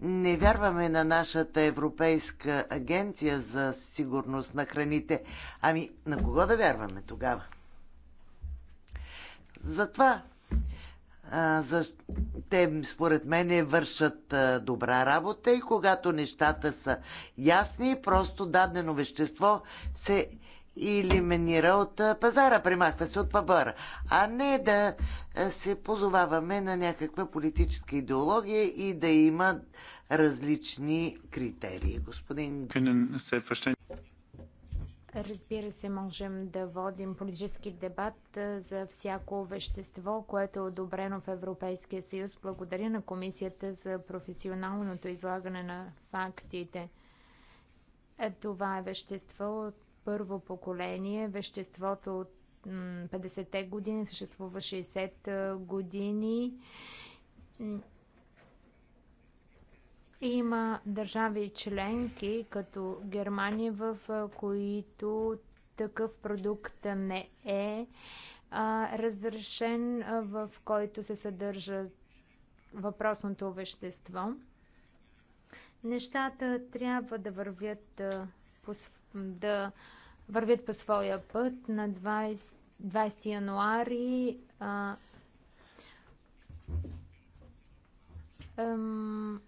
не вярваме на нашата Европейска агенция за сигурност на храните, ами на кого да вярваме тогава? Затова а, за, те, според мен, вършат а, добра работа и когато нещата са ясни, просто дадено вещество се елиминира от пазара, премахва се от пабара, а не да се позоваваме на някаква политическа идеология и да има различни критерии. Господин... Разбира се, можем да водим политически дебат за всяко вещество, което е одобрено в Европейския съюз. Благодаря на Комисията за професионалното излагане на фактите. Това е вещество от първо поколение, веществото от 50-те години съществува 60 години. Има държави членки, като Германия, в които такъв продукт не е а, разрешен, в който се съдържа въпросното вещество. Нещата трябва да вървят а, по, да вървят по своя път. На 20, 20 януари а, ам,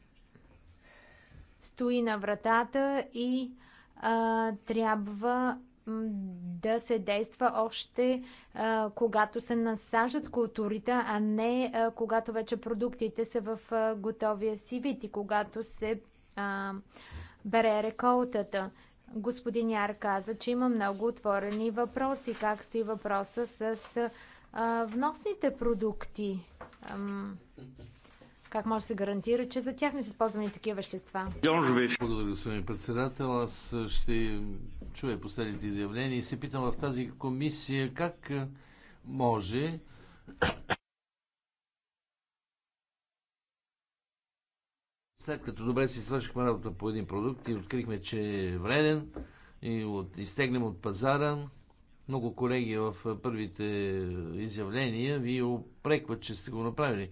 стои на вратата и а, трябва да се действа още а, когато се насажат културите, а не а, когато вече продуктите са в а, готовия си вид и когато се а, бере реколтата. Господин Яр каза, че има много отворени въпроси. Как стои въпроса с а, вносните продукти? Ам, как може да се гарантира, че за тях не са използвани такива вещества? Благодаря, господин председател. Аз ще чуя последните изявления и се питам в тази комисия как може след като добре си свършихме работа по един продукт и открихме, че е вреден и от, изтегнем от пазара, много колеги в първите изявления ви опрекват, че сте го направили.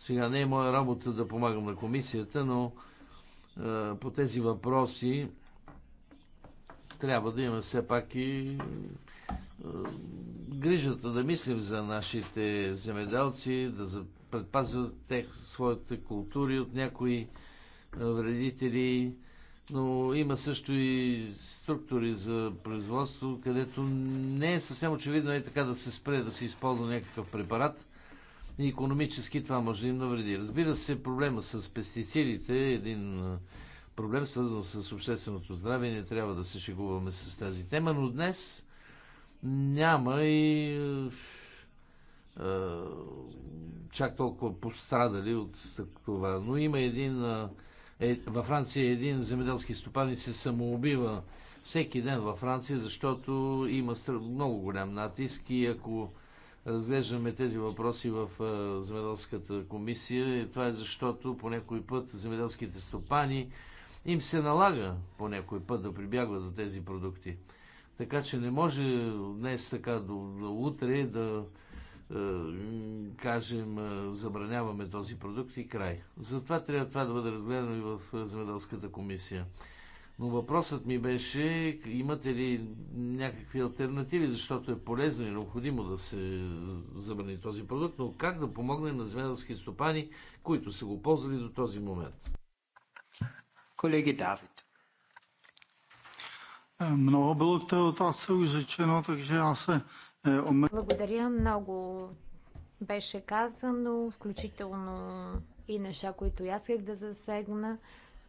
Сега не е моя работа да помагам на комисията, но е, по тези въпроси трябва да имаме все пак и грижата да мислим за нашите земеделци, да предпазят тех, своите култури от някои е, вредители, но има също и структури за производство, където не е съвсем очевидно е така да се спре, да се използва някакъв препарат. И економически това може да им навреди. Разбира се, проблема с пестицидите е един е, проблем, свързан с общественото здраве. Не трябва да се шегуваме с тази тема, но днес няма и е, е, чак толкова пострадали от това. Но има един... Е, е, във Франция един земеделски стопанин се самоубива всеки ден във Франция, защото има много голям натиск и ако разглеждаме тези въпроси в е, земеделската комисия, това е защото по някой път земеделските стопани им се налага по някой път да прибягват до тези продукти. Така че не може днес така до, до утре да е, кажем, е, забраняваме този продукт и край. Затова трябва това да бъде разгледано и в е, Земеделската комисия. Но въпросът ми беше, имате ли някакви альтернативи, защото е полезно и необходимо да се забрани този продукт, но как да помогне на земеделски стопани, които са го ползвали до този момент? Колеги Давид. Много было от вас отасъл изречено, така че аз се е, Благодаря много. Беше казано, включително и неща, които и аз исках да засегна.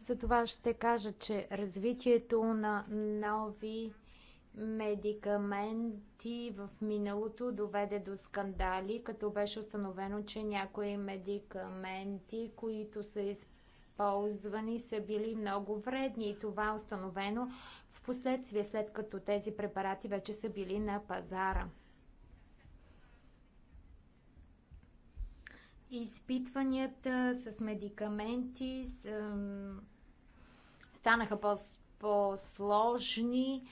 Затова ще кажа, че развитието на нови медикаменти в миналото доведе до скандали, като беше установено, че някои медикаменти, които са използвани, са били много вредни и това е установено в последствие, след като тези препарати вече са били на пазара. изпитванията с медикаменти с, станаха по- по-сложни,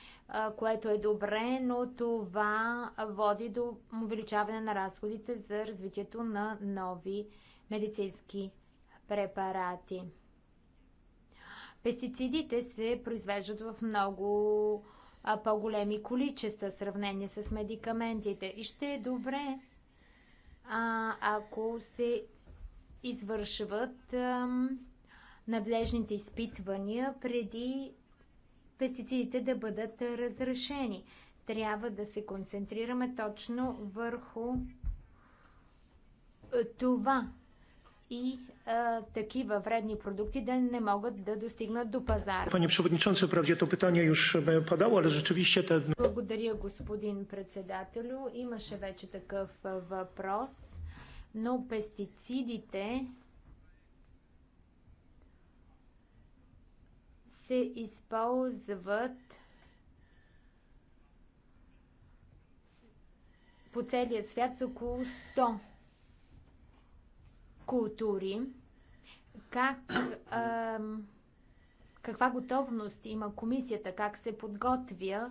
което е добре, но това води до увеличаване на разходите за развитието на нови медицински препарати. Пестицидите се произвеждат в много по-големи количества в сравнение с медикаментите и ще е добре а, ако се извършват а, надлежните изпитвания преди пестицидите да бъдат разрешени. Трябва да се концентрираме точно върху е, това и а, такива вредни продукти да не могат да достигнат до пазара. Panie przewodniczący, wprawdzie to pytanie już e, padało, ale rzeczywiście te... Благодаря, господин председателю. Имаше вече такъв въпрос, но пестицидите се използват по целия свят са около 100 култури, как, а, каква готовност има комисията, как се подготвя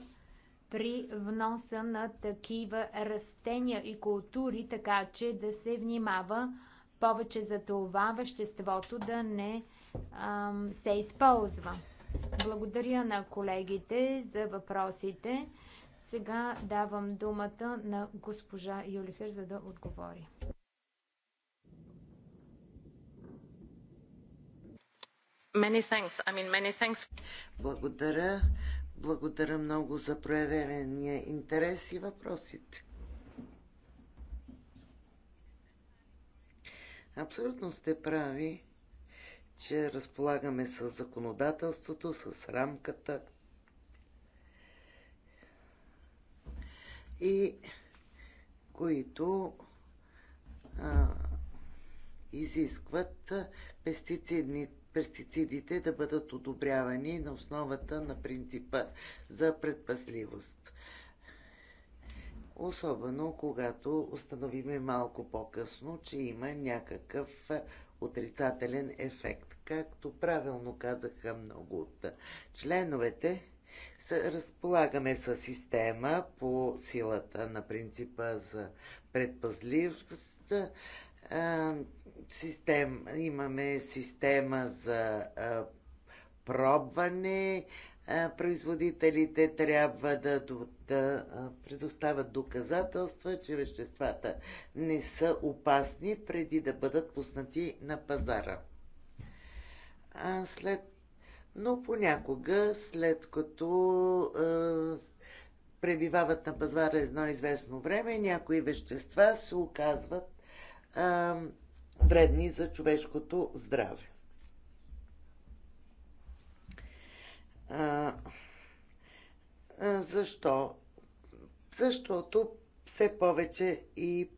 при вноса на такива растения и култури, така че да се внимава повече за това веществото да не а, се използва. Благодаря на колегите за въпросите. Сега давам думата на госпожа Юлихер, за да отговори. Many thanks. I mean, many thanks. Благодаря. Благодаря много за проявения интерес и въпросите. Абсолютно сте прави, че разполагаме с законодателството, с рамката. И които а, изискват пестицидните пестицидите да бъдат одобрявани на основата на принципа за предпасливост. Особено когато установиме малко по-късно, че има някакъв отрицателен ефект. Както правилно казаха много от членовете, разполагаме с система по силата на принципа за предпазливост, систем, имаме система за а, пробване. А, производителите трябва да, да предоставят доказателства, че веществата не са опасни преди да бъдат пуснати на пазара. А след... Но понякога, след като а, пребивават на пазара едно известно време, някои вещества се оказват а, вредни за човешкото здраве. А, а, защо? Защото все повече и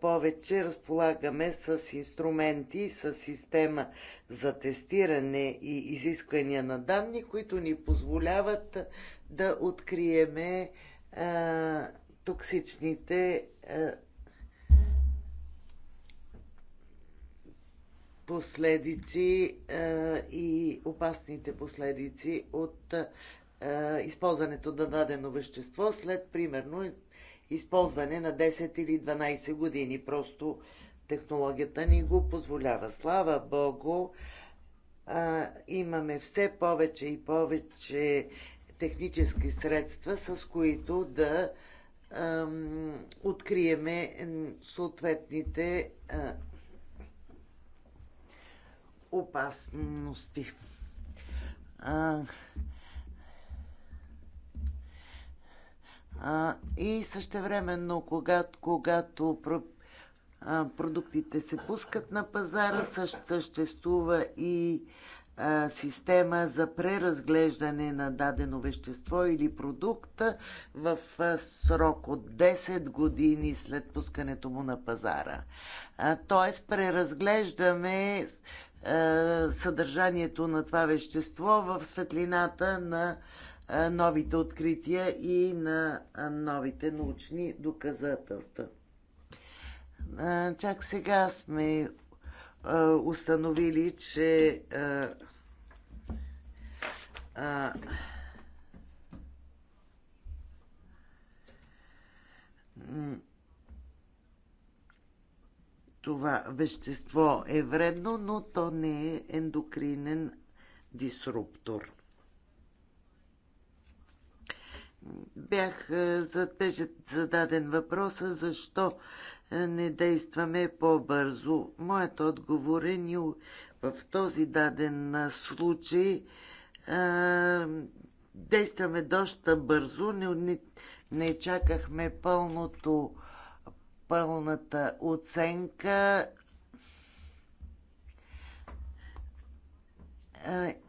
повече разполагаме с инструменти, с система за тестиране и изисквания на данни, които ни позволяват да откриеме а, токсичните а, последици е, и опасните последици от е, използването на дадено вещество след, примерно, използване на 10 или 12 години. Просто технологията ни го позволява. Слава Богу, а, е, имаме все повече и повече технически средства, с които да ам, откриеме съответните а, опасности. А, а, и същевременно, когато, когато про, а, продуктите се пускат на пазара, съществува и а, система за преразглеждане на дадено вещество или продукта в а, срок от 10 години след пускането му на пазара. А, тоест, преразглеждаме е, съдържанието на това вещество в светлината на е, новите открития и на е, новите научни доказателства. Чак сега сме установили, че това вещество е вредно, но то не е ендокринен дисруптор. Бях е, зададен въпрос: защо е, не действаме по-бързо. Моят отговор е ни в този даден случай е, действаме доста бързо, не, не, не чакахме пълното пълната оценка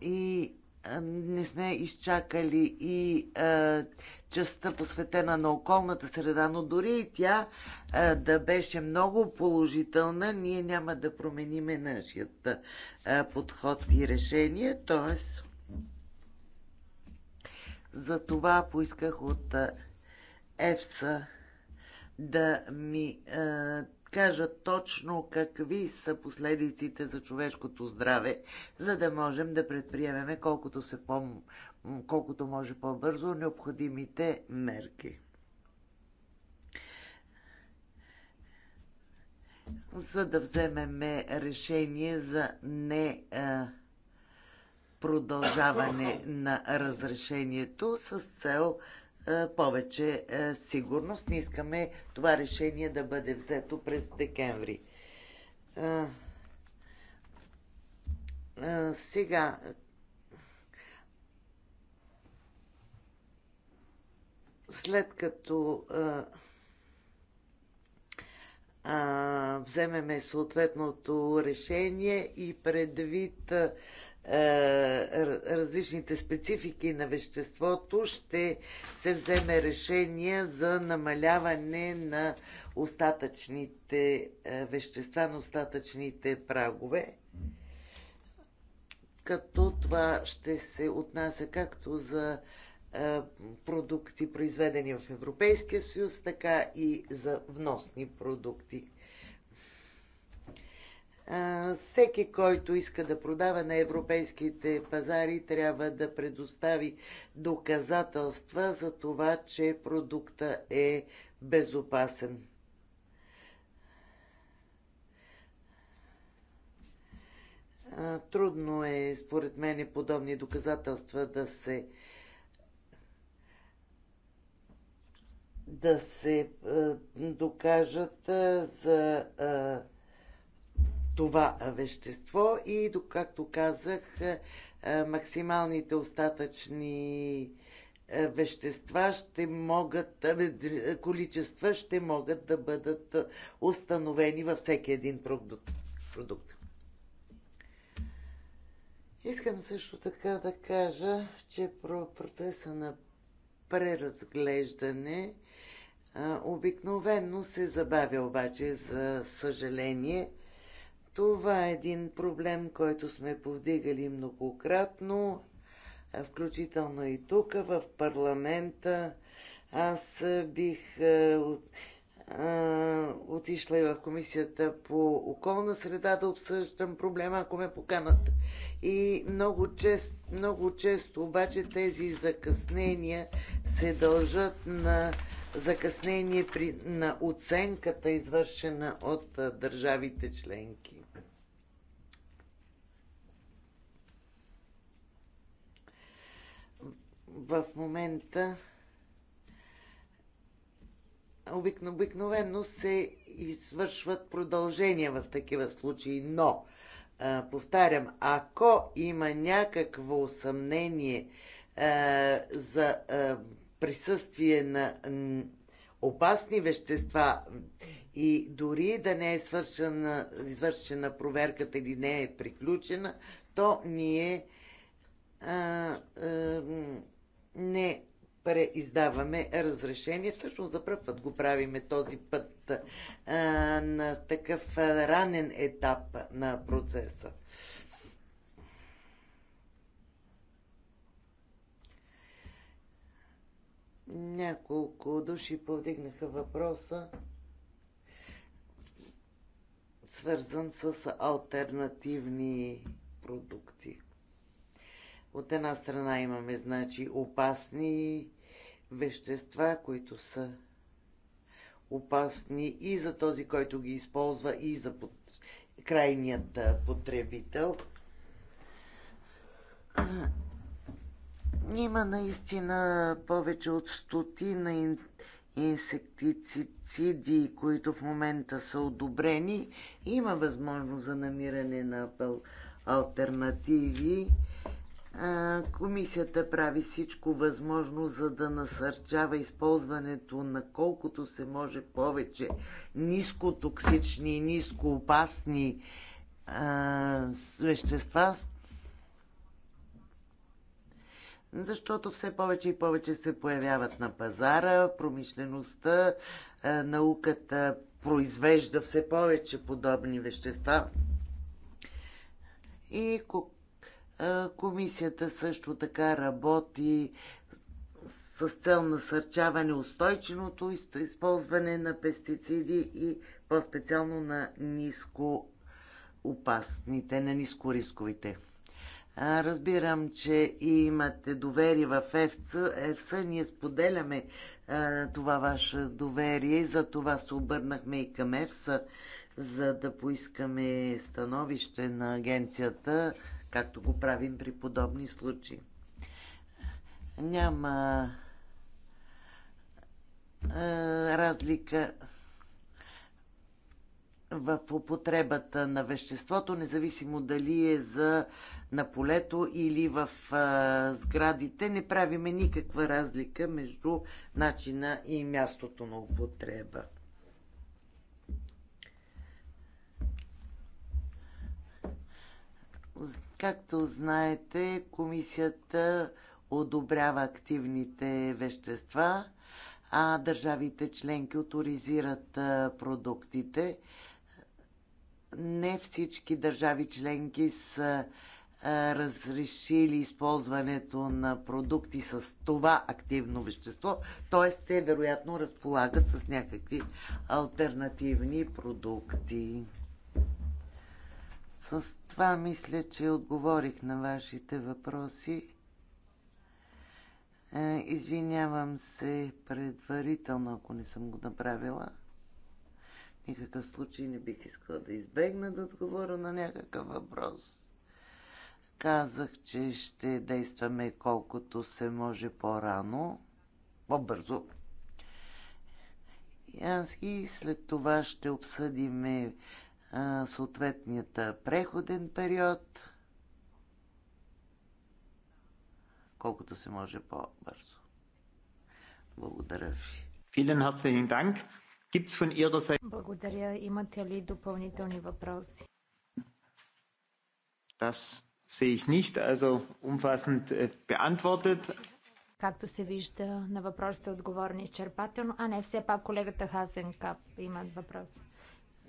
и не сме изчакали и а, частта посветена на околната среда, но дори и тя а, да беше много положителна, ние няма да промениме нашият а, подход и решение, т.е. за това поисках от а, ЕФСА да ми е, кажат точно какви са последиците за човешкото здраве, за да можем да предприемеме колкото, се по, колкото може по-бързо необходимите мерки. За да вземеме решение за не. Е, продължаване на разрешението с цел е, повече е, сигурност. Не искаме това решение да бъде взето през декември. Е, сега, след като а, а, вземеме съответното решение и предвид а, е, различните специфики на веществото ще се вземе решение за намаляване на остатъчните е, вещества, на остатъчните прагове. Като това ще се отнася както за е, продукти, произведени в Европейския съюз, така и за вносни продукти всеки, който иска да продава на европейските пазари, трябва да предостави доказателства за това, че продукта е безопасен. Трудно е, според мен, подобни доказателства да се да се докажат за това вещество и, както казах, е, е, максималните остатъчни е, вещества ще могат, количества ще могат да бъдат установени във всеки един продукт. Искам също така да кажа, че процеса на преразглеждане обикновенно се забавя обаче, за съжаление – това е един проблем, който сме повдигали многократно, включително и тук в парламента. Аз бих отишла и в комисията по околна среда да обсъждам проблема, ако ме поканат. И много, чест, много често обаче тези закъснения се дължат на закъснение при, на оценката, извършена от държавите членки. в момента обикновено се извършват продължения в такива случаи, но повтарям, ако има някакво съмнение за присъствие на опасни вещества и дори да не е свършена, извършена проверката или не е приключена, то ние а, а, не преиздаваме разрешение. Всъщност за първ път го правиме този път а, на такъв ранен етап на процеса. Няколко души повдигнаха въпроса, свързан с альтернативни продукти. От една страна имаме, значи, опасни вещества, които са опасни и за този, който ги използва, и за под... крайният потребител. Има наистина повече от стотина инсектициди, които в момента са одобрени. Има възможност за намиране на алтернативи. Комисията прави всичко възможно, за да насърчава използването на колкото се може повече нискотоксични и нискоопасни вещества, защото все повече и повече се появяват на пазара, промишлеността, науката произвежда все повече подобни вещества. И е, комисията също така работи с цел насърчаване устойчивото използване на пестициди и по-специално на ниско опасните, на нискорисковите. Е, разбирам, че имате доверие в ЕФСА. ЕФСА ние споделяме а, е, това ваше доверие и за това се обърнахме и към ЕФСА, за да поискаме становище на агенцията както го правим при подобни случаи. Няма разлика в употребата на веществото, независимо дали е за на полето или в а, сградите. Не правиме никаква разлика между начина и мястото на употреба. Както знаете, комисията одобрява активните вещества, а държавите членки авторизират продуктите. Не всички държави членки са разрешили използването на продукти с това активно вещество, т.е. те вероятно разполагат с някакви альтернативни продукти. С това мисля, че отговорих на вашите въпроси. Е, извинявам се предварително, ако не съм го направила. В никакъв случай не бих искала да избегна да отговоря на някакъв въпрос. Казах, че ще действаме колкото се може по-рано, по-бързо. И след това ще обсъдиме съответният преходен период, колкото се може по-бързо. Благодаря ви. Vielen herzlichen Dank. Gibt's von Ihrer Seite... Благодаря. Имате ли допълнителни въпроси? Das sehe ich nicht, also umfassend äh, beantwortet. Както се вижда, на въпросите отговорни изчерпателно. А не, все пак колегата Хазенкап има въпроси.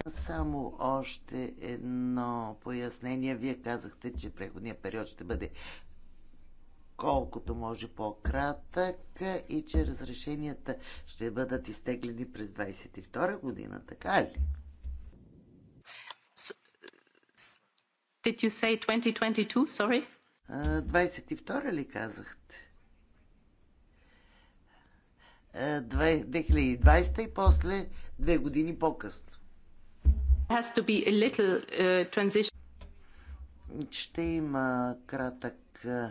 Само още едно пояснение. Вие казахте, че преходният период ще бъде колкото може по-кратък и че разрешенията ще бъдат изтеглени през 22 година, така е ли? Did you say 2022? Sorry. 22 ли казахте? 2020 и после две години по-късно has to be a little uh, transition. Ще има кратък е, е,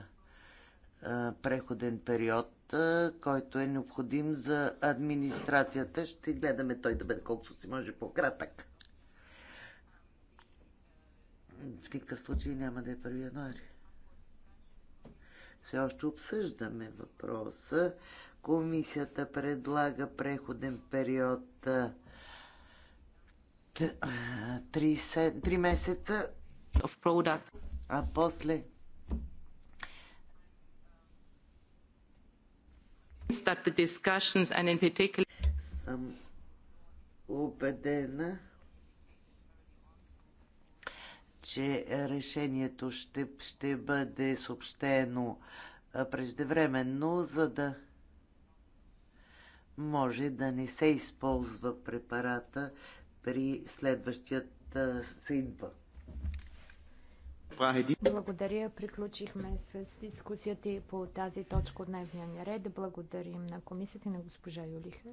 преходен период, е, който е необходим за администрацията. Ще гледаме той да бъде колкото си може по-кратък. В никакъв случай няма да е 1 януари. Все още обсъждаме въпроса. Комисията предлага преходен период Три месеца of products. А после that the discussions and in particular съм убедена, че решението ще, ще бъде съобщено преждевременно, за да може да не се използва препарата при следващият съдба. Благодаря. Приключихме с дискусията и по тази точка от дневния ред. Благодарим на комисията и на госпожа Юлиха.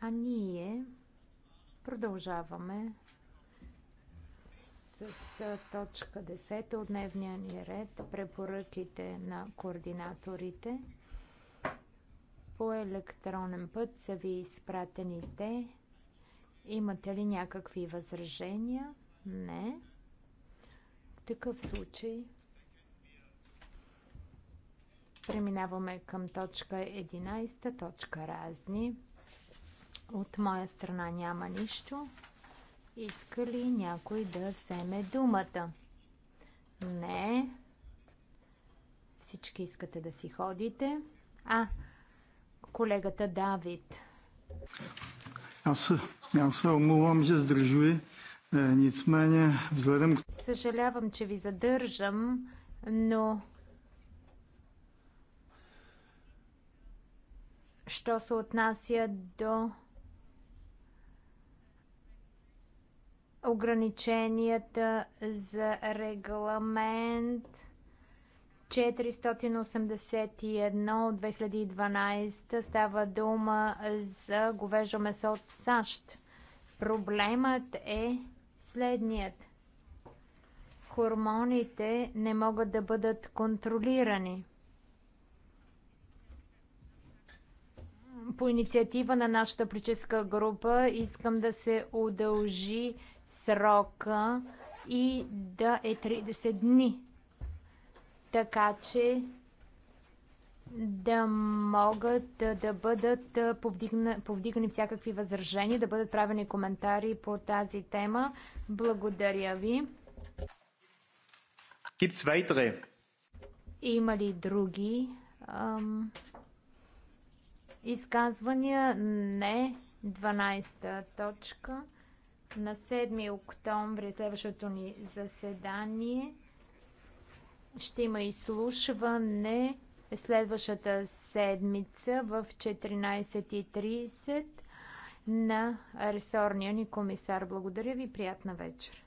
А ние продължаваме с точка 10 от дневния ни ред препоръките на координаторите. По електронен път са ви изпратените Имате ли някакви възражения? Не. В такъв случай преминаваме към точка 11, точка разни. От моя страна няма нищо. Иска ли някой да вземе думата? Не. Всички искате да си ходите. А, колегата Давид. Já se, já se omlouvám, že zdržuji, nicméně vzhledem k... Съжалявам, че ви задържам, но що се отнася до ограниченията за регламент 481 от 2012 става дума за говежо месо от САЩ. Проблемът е следният. Хормоните не могат да бъдат контролирани. По инициатива на нашата прическа група искам да се удължи срока и да е 30 дни така че да могат да бъдат повдигна, повдигани всякакви възражения, да бъдат правени коментари по тази тема. Благодаря ви. Има ли други ам, изказвания? Не. 12-та точка. На 7 октомври следващото ни заседание ще има изслушване следващата седмица в 14.30 на ресорния ни комисар. Благодаря ви, приятна вечер!